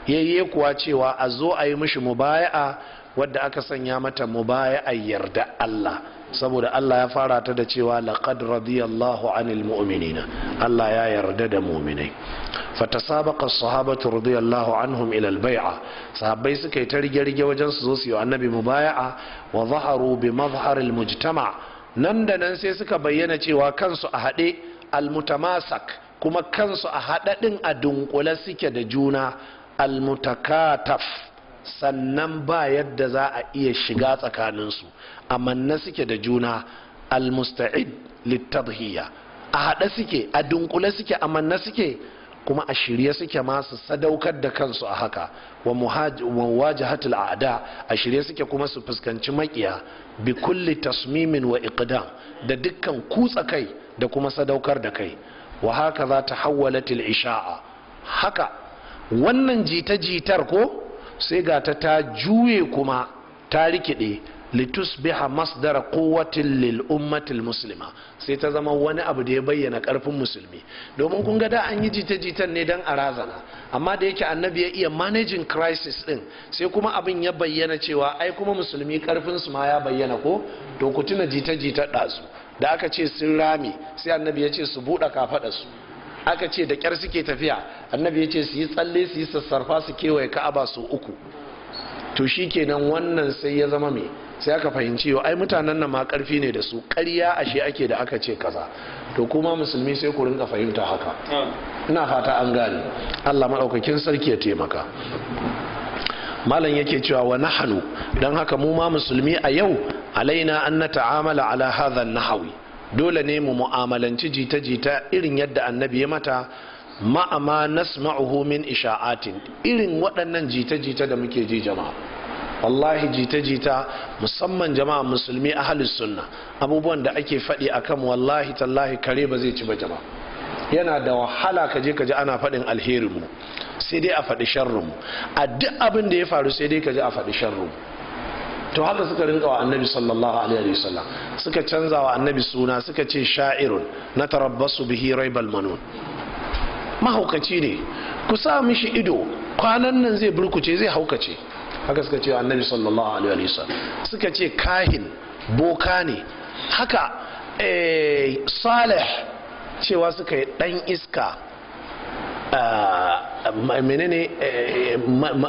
yayye kuwa cewa a zo a yi mishi mubaya'a wadda aka sanya mata mubaya'a yarda Allah saboda Allah ya fara ta da cewa laqad radiyallahu anil mu'minina Allah ya yarda da mu'minai fatasabaqa as-sahabatu radiyallahu anhum ila al-bai'a sahabbai suka yi ta rige-rige wajen su zo su yi annabi mubaya'a wa zaharu bi mazhar mujtama nan da nan sai suka bayyana cewa kansu a haɗe almutamasak kuma kansu a haɗaɗin a dunkule suke da juna almutakataf sannan ba yadda za a iya shiga tsakaninsu amanne suke da juna almusta'id littadhiya a haɗe suke a dunkule suke amanna suke kuma a shirye suke masu sadaukar da kansu a haka wa muwajahatul a'da a shirye suke kuma su fuskanci makiya bi kulli tasmimin wa iqdam da dukkan kutsa kai da kuma sadaukar da kai wa haka za ta hawwalatil isha'a haka wannan jita-jitar ko sai ga ta ta juye kuma ta rikide litusbiha masdara quwwatin lil ummatil muslima sai ta zama wani abu da ya bayyana karfin musulmi domin kun ga da an yi jita-jitan ne dan a razana amma da yake annabi ya iya managing crisis din sai kuma abin ya bayyana cewa ai kuma musulmi karfin su ma ya bayyana ko to ku tuna jita-jita dazu da aka ce sun rami sai annabi ya ce su buɗe kafaɗa su aka ce da kyar suke tafiya annabi ya ce su yi tsalle su yi sassarfa su kewaye ka'aba su uku to shi shikenan wannan sai ya zama mai sai aka fahimci yau ai mutanen nan ma karfi ne da su ƙarya ashe ake da aka ce kaza to kuma musulmi sai ku rinka fahimta haka ina fata an gane Allah maɗaukakin sarki ya taimaka malam yake cewa wa nahanu don haka mu ma musulmi a yau alaina an na ta'amala ala na nahawi dole ne mu mu'amalanci jita-jita irin yadda annabi ya mata ma'ama nasma'uhu min isha'atin irin waɗannan jita-jita da muke ji jama'a wallahi jita-jita musamman jama'a musulmi ahalus sunna abubuwan da ake faɗi akan wallahi tallahi kare ba zai ci ba jama yana da wahala ka je ka ji ana faɗin alherinmu sai dai a faɗi sharrinmu a duk abin da ya faru sai dai ka ji a faɗi sharrinmu to haka suka rinka wa annabi sallallahu alaihi wasallam suka canza wa annabi suna suka ce sha'irun na tarabbasu bihi raibal manun mahaukaci ne ku sa mishi ido kwanan nan zai burkuce zai haukace haka suka ce annabi sallallahu alaihi wasallam suka ce kahin boka ne haka eh, salih cewa suka yi dan iska ah, menene eh,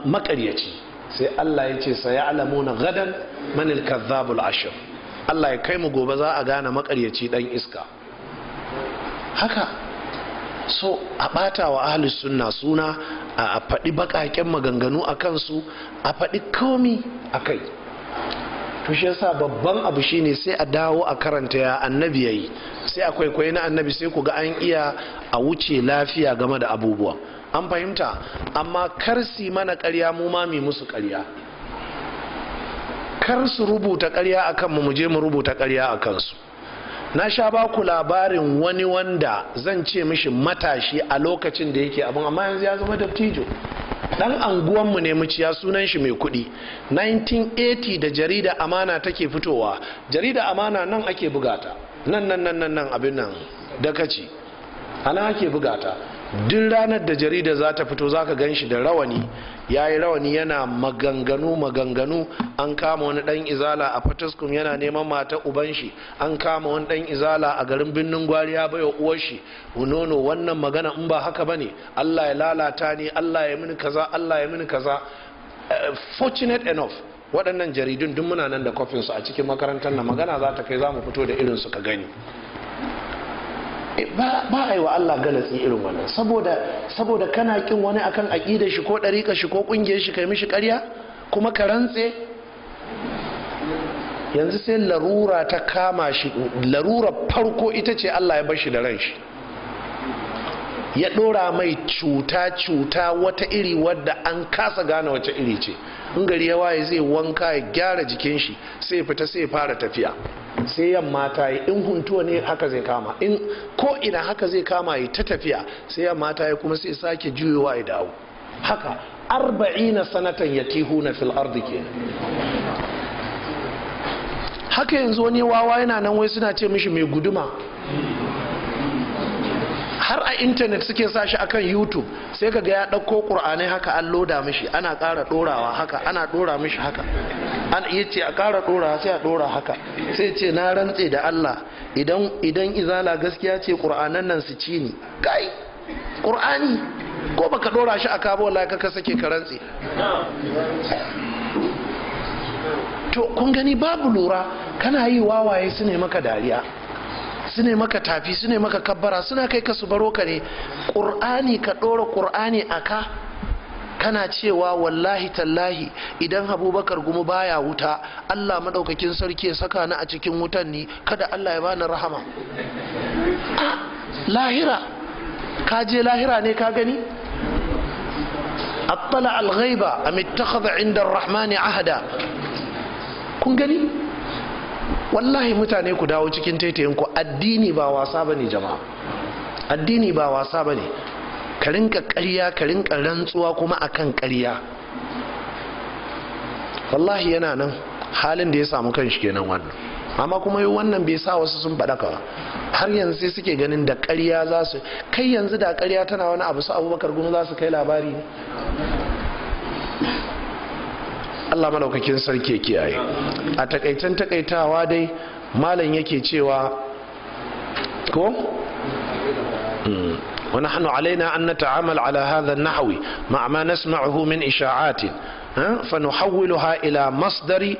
makaryaci sai Allah ya ce na gadan manil kazzabul ashir Allah ya kai mu gobe za a gane makaryaci dan iska haka so a bata wa ahli sunna suna a faɗi baƙaƙen maganganu a kansu a faɗi komi a kai to shi babban abu shine sai a dawo a karanta ya annabi yayi sai akwai kwaikwayi na annabi sai ku ga an iya a wuce lafiya game da abubuwa an fahimta amma kar si mana karya mu ma mu musu karya kar su rubuta karya akan mu mu je mu rubuta karya a kansu. na sha ba ku labarin wani wanda zan ce mishi matashi a lokacin da yake abin amma yanzu ya zama dattijo dan anguwanmu ne muciya sunan shi mai kudi 1980 da jarida amana take fitowa jarida amana nan ake bugata nan nan nan nan abin nan da kaci ana ake bugata duk ranar da jarida za ta fito za ka gan shi da rawani ya yi rawani yana maganganu maganganu an kama wani dan izala a fataskum yana neman mata uban shi an kama wani dan izala a garin birnin gwari ya baiwa uwar shi unono wannan magana in ba haka ba ne allah ya lalata ne allah ya mini kaza allah ya mini kaza eh, fortunate enough waɗannan jaridun duk muna nan da su a cikin makarantar na magana za ta kai za mu fito da irinsu ka gani ba a yi wa Allah galatsi irin wannan saboda kana kin wani akan aƙidar shi ko ɗarika shi ko ƙungiyar shi kai mishi ƙarya kuma ka rantse yanzu sai larura ta kama shi larura farko ita ce Allah ya bashi shi da ran shi ya ɗora mai cuta cuta wata iri wadda an kasa gane wace iri ce in gari ya waye zai wanka ya gyara jikin shi sai fita sai fara tafiya sai yamma ta yi in huntuwa ne haka zai kama in ko ina haka zai kama yi ta tafiya sai yamma ta yi kuma sai sake juyowa ya dawo haka arba'ina sanatan na fil ardi ke haka yanzu wani wawa yana nan wai suna ce mishi mai guduma har a intanet suke sa shi akan youtube sai ka ga ya ɗauko ƙur'anai haka an loda mishi ana ƙara ɗorawa haka ana ɗora mishi haka an iya ce a ƙara ɗorawa sai a ɗora haka sai ce na rantse da allah idan izala gaskiya ce ƙur'anan nan su ci ni kai ƙur'ani ko baka ɗora shi a kabo laika ka sake ka rantse to kun gani babu lura kana yi wawaye su ne maka dariya su maka tafi su ne maka kabbara suna kai ka su baro ka ne ƙur'ani ka ɗora ƙur'ani a ka kana cewa wallahi tallahi idan abubakar gumu baya wuta allah maɗaukakin sarki ya saka ni a cikin wutan ni kada allah ya bani rahama lahira ka je lahira ne ka gani attala alghaiba am ittakhadha inda arrahmani ahada kun gani wallahi mutane ku dawo cikin taitayin ku addini ba wasa bane jama'a addini ba wasa bane ka rinka ƙarya ka rinka rantsuwa kuma akan ƙarya wallahi yana nan halin da ya samu kan shi kenan wannan amma kuma yi wannan bai sa wasu sun faɗa ba har yanzu sai suke ganin da ƙarya za su kai yanzu da ƙarya tana wani abu su abubakar gumi za su kai labari Allah malaukakin sarki kiyaye a takaitan takaitawa dai malam yake cewa ko ونحن علينا أن نتعامل على هذا النحو مع ما نسمعه من إشاعات فنحولها إلى مصدر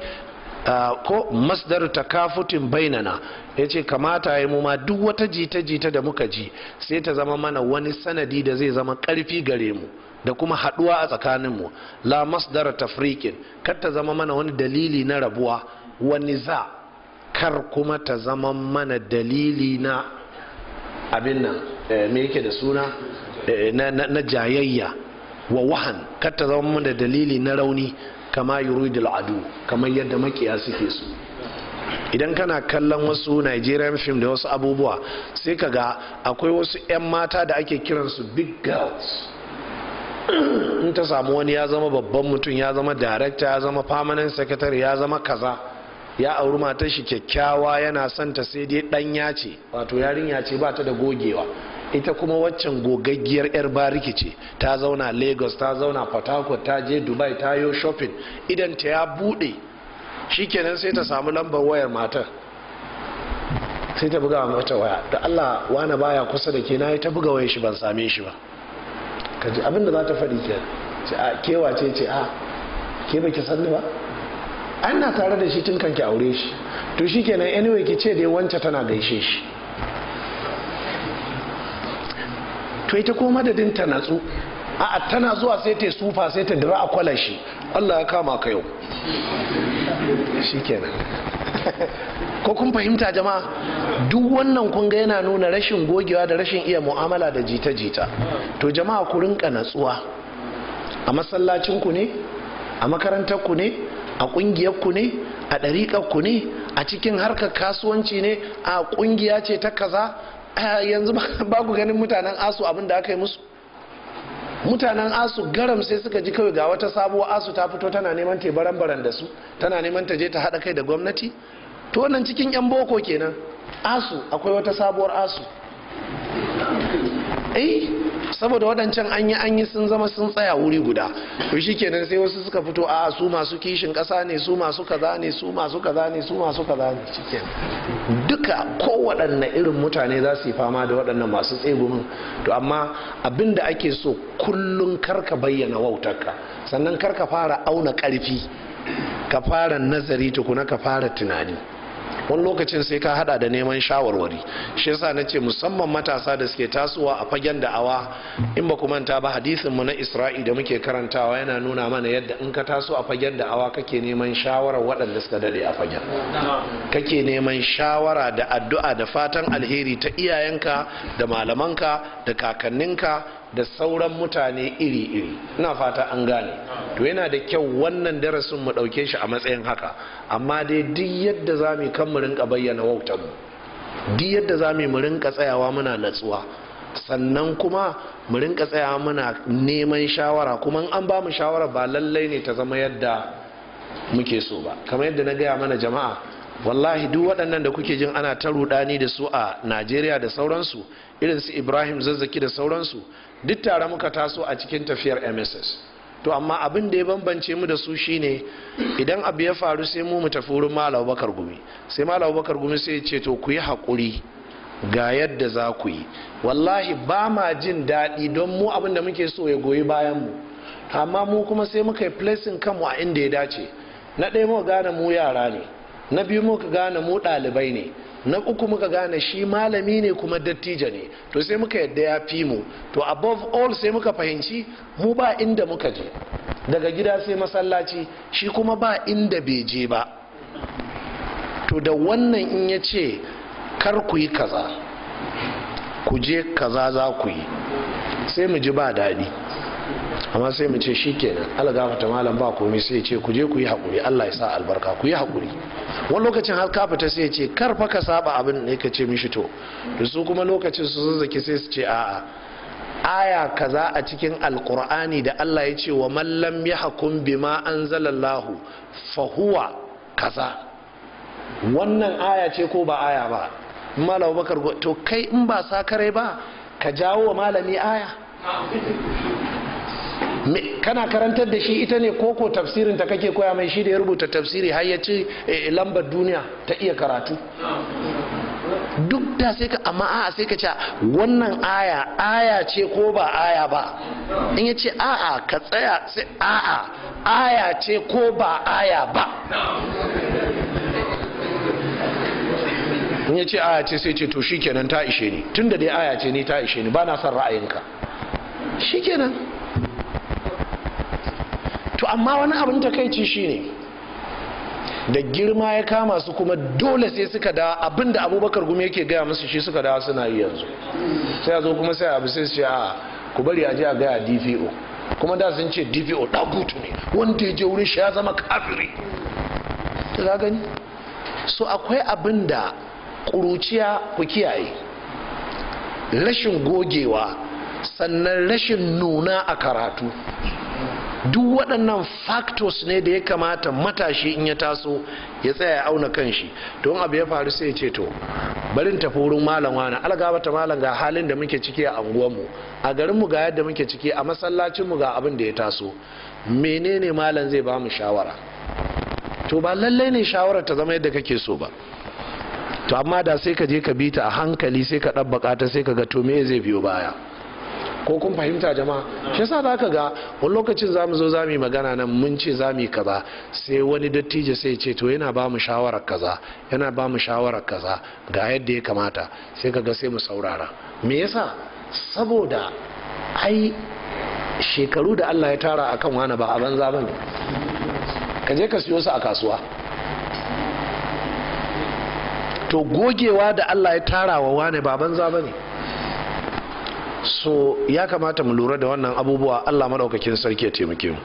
ko masdar takafutin bainana ya kamata ya mu ma duk wata jita-jita da muka ji sai ta zama mana wani sanadi da zai zama ƙarfi gare mu da kuma haɗuwa a tsakaninmu la masdar tafrikin kar ta zama mana wani dalili na rabuwa wani za kar kuma ta zama mana dalili na abin nan eh, me yake da suna eh, na jayayya wa wahan kar ta zama mana dalili na rauni kama yuridul adu kamar yadda makiya suke su idan kana kallon wasu nigerian film da wasu abubuwa sai ka ga akwai wasu 'yan mata da ake kiransu big girls in ta samu wani ya zama babban mutum ya zama darakta ya zama permanent secretary ya zama kaza ya auri matar shi kyakkyawa yana son ta sai dai dan ya ce wato yarinya ce ba ta da gogewa ita kuma waccan gogaggiyar 'yar bariki ce ta zauna lagos ta zauna port ta je dubai ta yo shopping idan ta ya buɗe shikenan sai ta samu lambar wayar matar sai ta buga mata waya da allah wani baya kusa da ke na yi ta buga wayar shi ban same shi ba kaji abinda za ta faɗi ke ce a kewa ce ce a ke ba ki sanni ba an na tare da shi tun kan ki aure shi to shi kenan anyway ki ce dai wance tana gaishe shi to ita ko madadin ta natsu a'a tana zuwa sai ta sufa sai ta dira a kwala shi Allah ya kama ka yau shi kenan *laughs* ko kun fahimta jama'a duk wannan kun ga yana nuna rashin gogewa da rashin iya mu'amala da jita-jita to jama'a ku rinka natsuwa a masallacin ku ne a makarantar ku ne a kungiyar ku ne a ɗariƙar ku ne a cikin harkar kasuwanci ne a kungiya ce ta kaza yanzu ba ku ganin mutanen asu abin da aka yi musu mutanen asu garam sai suka ji kawai ga wata sabuwar asu ta fito tana neman ta baran baran da su tana neman ta je ta haɗa kai da gwamnati to wannan cikin yan boko kenan asu akwai wata sabuwar asu eh saboda waɗancan an yi an yi sun zama sun tsaya wuri guda to shi kenan sai wasu suka fito a su masu kishin ƙasa ne su masu kaza ne su masu kaza ne su masu kaza ne cikin duka kowaɗanne irin mutane za su yi fama da waɗannan masu tsegumin to amma abin da ake so kullum karka bayyana wautarka sannan karka fara auna ƙarfi ka fara nazari tukuna ka fara tunani wani lokacin sai ka hada da neman shawarwari shi yasa na ce musamman matasa da suke tasowa a fagen da'awa in ba manta ba hadisin mu na isra'i da muke karantawa yana nuna mana yadda in ka taso a fagen da'awa kake neman shawara waɗanda suka dade a fagen kake neman shawara da addu'a da fatan alheri ta iyayenka da malamanka da kakanninka da sauran mutane iri-iri ina fata an gane to yana da kyau wannan darasin mu ɗauke shi a matsayin haka amma dai duk yadda za mu kan mu rinka bayyana wautar mu duk yadda za mu rinka tsayawa muna natsuwa sannan kuma mu rinka tsayawa muna neman shawara kuma an ba mu shawara ba lallai ne ta zama yadda muke so ba kamar yadda na gaya mana jama'a wallahi duk waɗannan da kuke jin ana ta rudani da su a najeriya da sauransu irin su ibrahim zazzaki da sauransu duk tare muka taso a cikin tafiyar mss to amma abin da ya bambance mu da su shine idan abu ya faru sai mu mu tafi wurin malam bakar gumi sai malam bakar gumi sai ce to ku yi haƙuri ga yadda za ku yi wallahi ba ma jin daɗi don mu abin da muke so ya goyi bayan mu amma mu kuma sai muka yi placing kanmu a inda ya dace na ɗaya mu gane mu yara ne na biyu muka gane mu ɗalibai ne na uku muka gane shi malami ne kuma dattijo ne to sai muka yadda ya fi mu to above all sai muka fahimci mu ba inda muka je daga gida sai masallaci shi kuma ba inda bai je ba to da wannan in ya ce kar ku yi kaza ku je kaza za ku yi sai mu ji ba daɗi amma sai mu ce shikenan algafata malam ba komai sai ce ku je ku yi hakuri Allah ya sa albarka ku yi hakuri wani lokacin har ka fita sai ce kar fa ka saba abin ne ka ce mishi to da su kuma lokacin su sun sai su ce a'a aya kaza a cikin alkur'ani da Allah ya ce wa mallam ya yahkum bima anzalallahu fa huwa kaza wannan aya ce ko ba aya ba malam bakar to kai in ba sakarai ba ka jawo wa malami aya kana karantar da shi ita ne koko tafsirin ta kake koya mai shi da ya rubuta tafsiri har ya ci eh, lambar duniya ta iya karatu duk da sai ka amma a'a sai ka ce wannan aya aya ce ko ba aya ba in ya ce a'a ka tsaya sai a'a aya ce ko ba aya ba in ya ce aya ce sai ce to shikenan ta ishe ni tunda dai aya ce ni ta ishe ni ba na son ra'ayinka shikenan to amma wani abin takaici shine da girma ya kama su kuma dole sai suka da abin abubakar gumi yake gaya musu shi suka dawa suna yi yanzu sai a zo kuma sai abu sai ce a ku bari a a gaya dpo kuma da sun ce dpo ɗagutu ne wanda ya je wurin shi ya zama kafiri ta gani so akwai abin da ƙuruciya ku kiyaye rashin gogewa sannan rashin nuna a karatu duk waɗannan factors ne da ya kamata matashi in ya taso ya tsaya ya auna kan shi don abu ya faru sai ya ce to barin tafi wurin malam wani algaba ta malam ga halin da muke ciki a anguwanmu a garin mu ga yadda muke ciki a masallacin mu ga abin da ya taso menene malam zai ba mu shawara to ba lallai ne shawarar ta zama yadda kake so ba to amma da sai ka je ka bi ta a hankali sai ka ɗabbaka ta sai ka ga to me zai biyo baya ko kun fahimta jama'a shi yasa ka ga wani lokacin za mu zo za mu magana nan mun ce za mu kaza sai wani dattijo sai ce to yana ba mu shawarar kaza yana ba mu shawarar kaza ga yadda ya kamata sai ka ga sai mu saurara me yasa saboda ai shekaru da Allah ya tara akan wani ba a banza ba ne ka je ka siyo su a kasuwa to gogewa da Allah ya tara wa wane ba banza ba ne so ya kamata mu lura da wannan abubuwa Allah madaukakin sarki ya taimake mu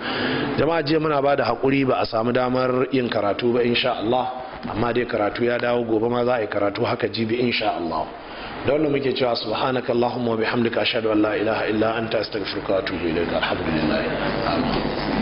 jama'a jiya muna ba da haƙuri ba a samu damar yin karatu ba insha Allah amma dai karatu ya dawo gobe ma za a yi karatu haka jibi insha Allah da wannan muke cewa subhanaka allahumma wa bihamdika ashhadu an la ilaha illa anta astaghfiruka wa atubu ilaik alhamdulillah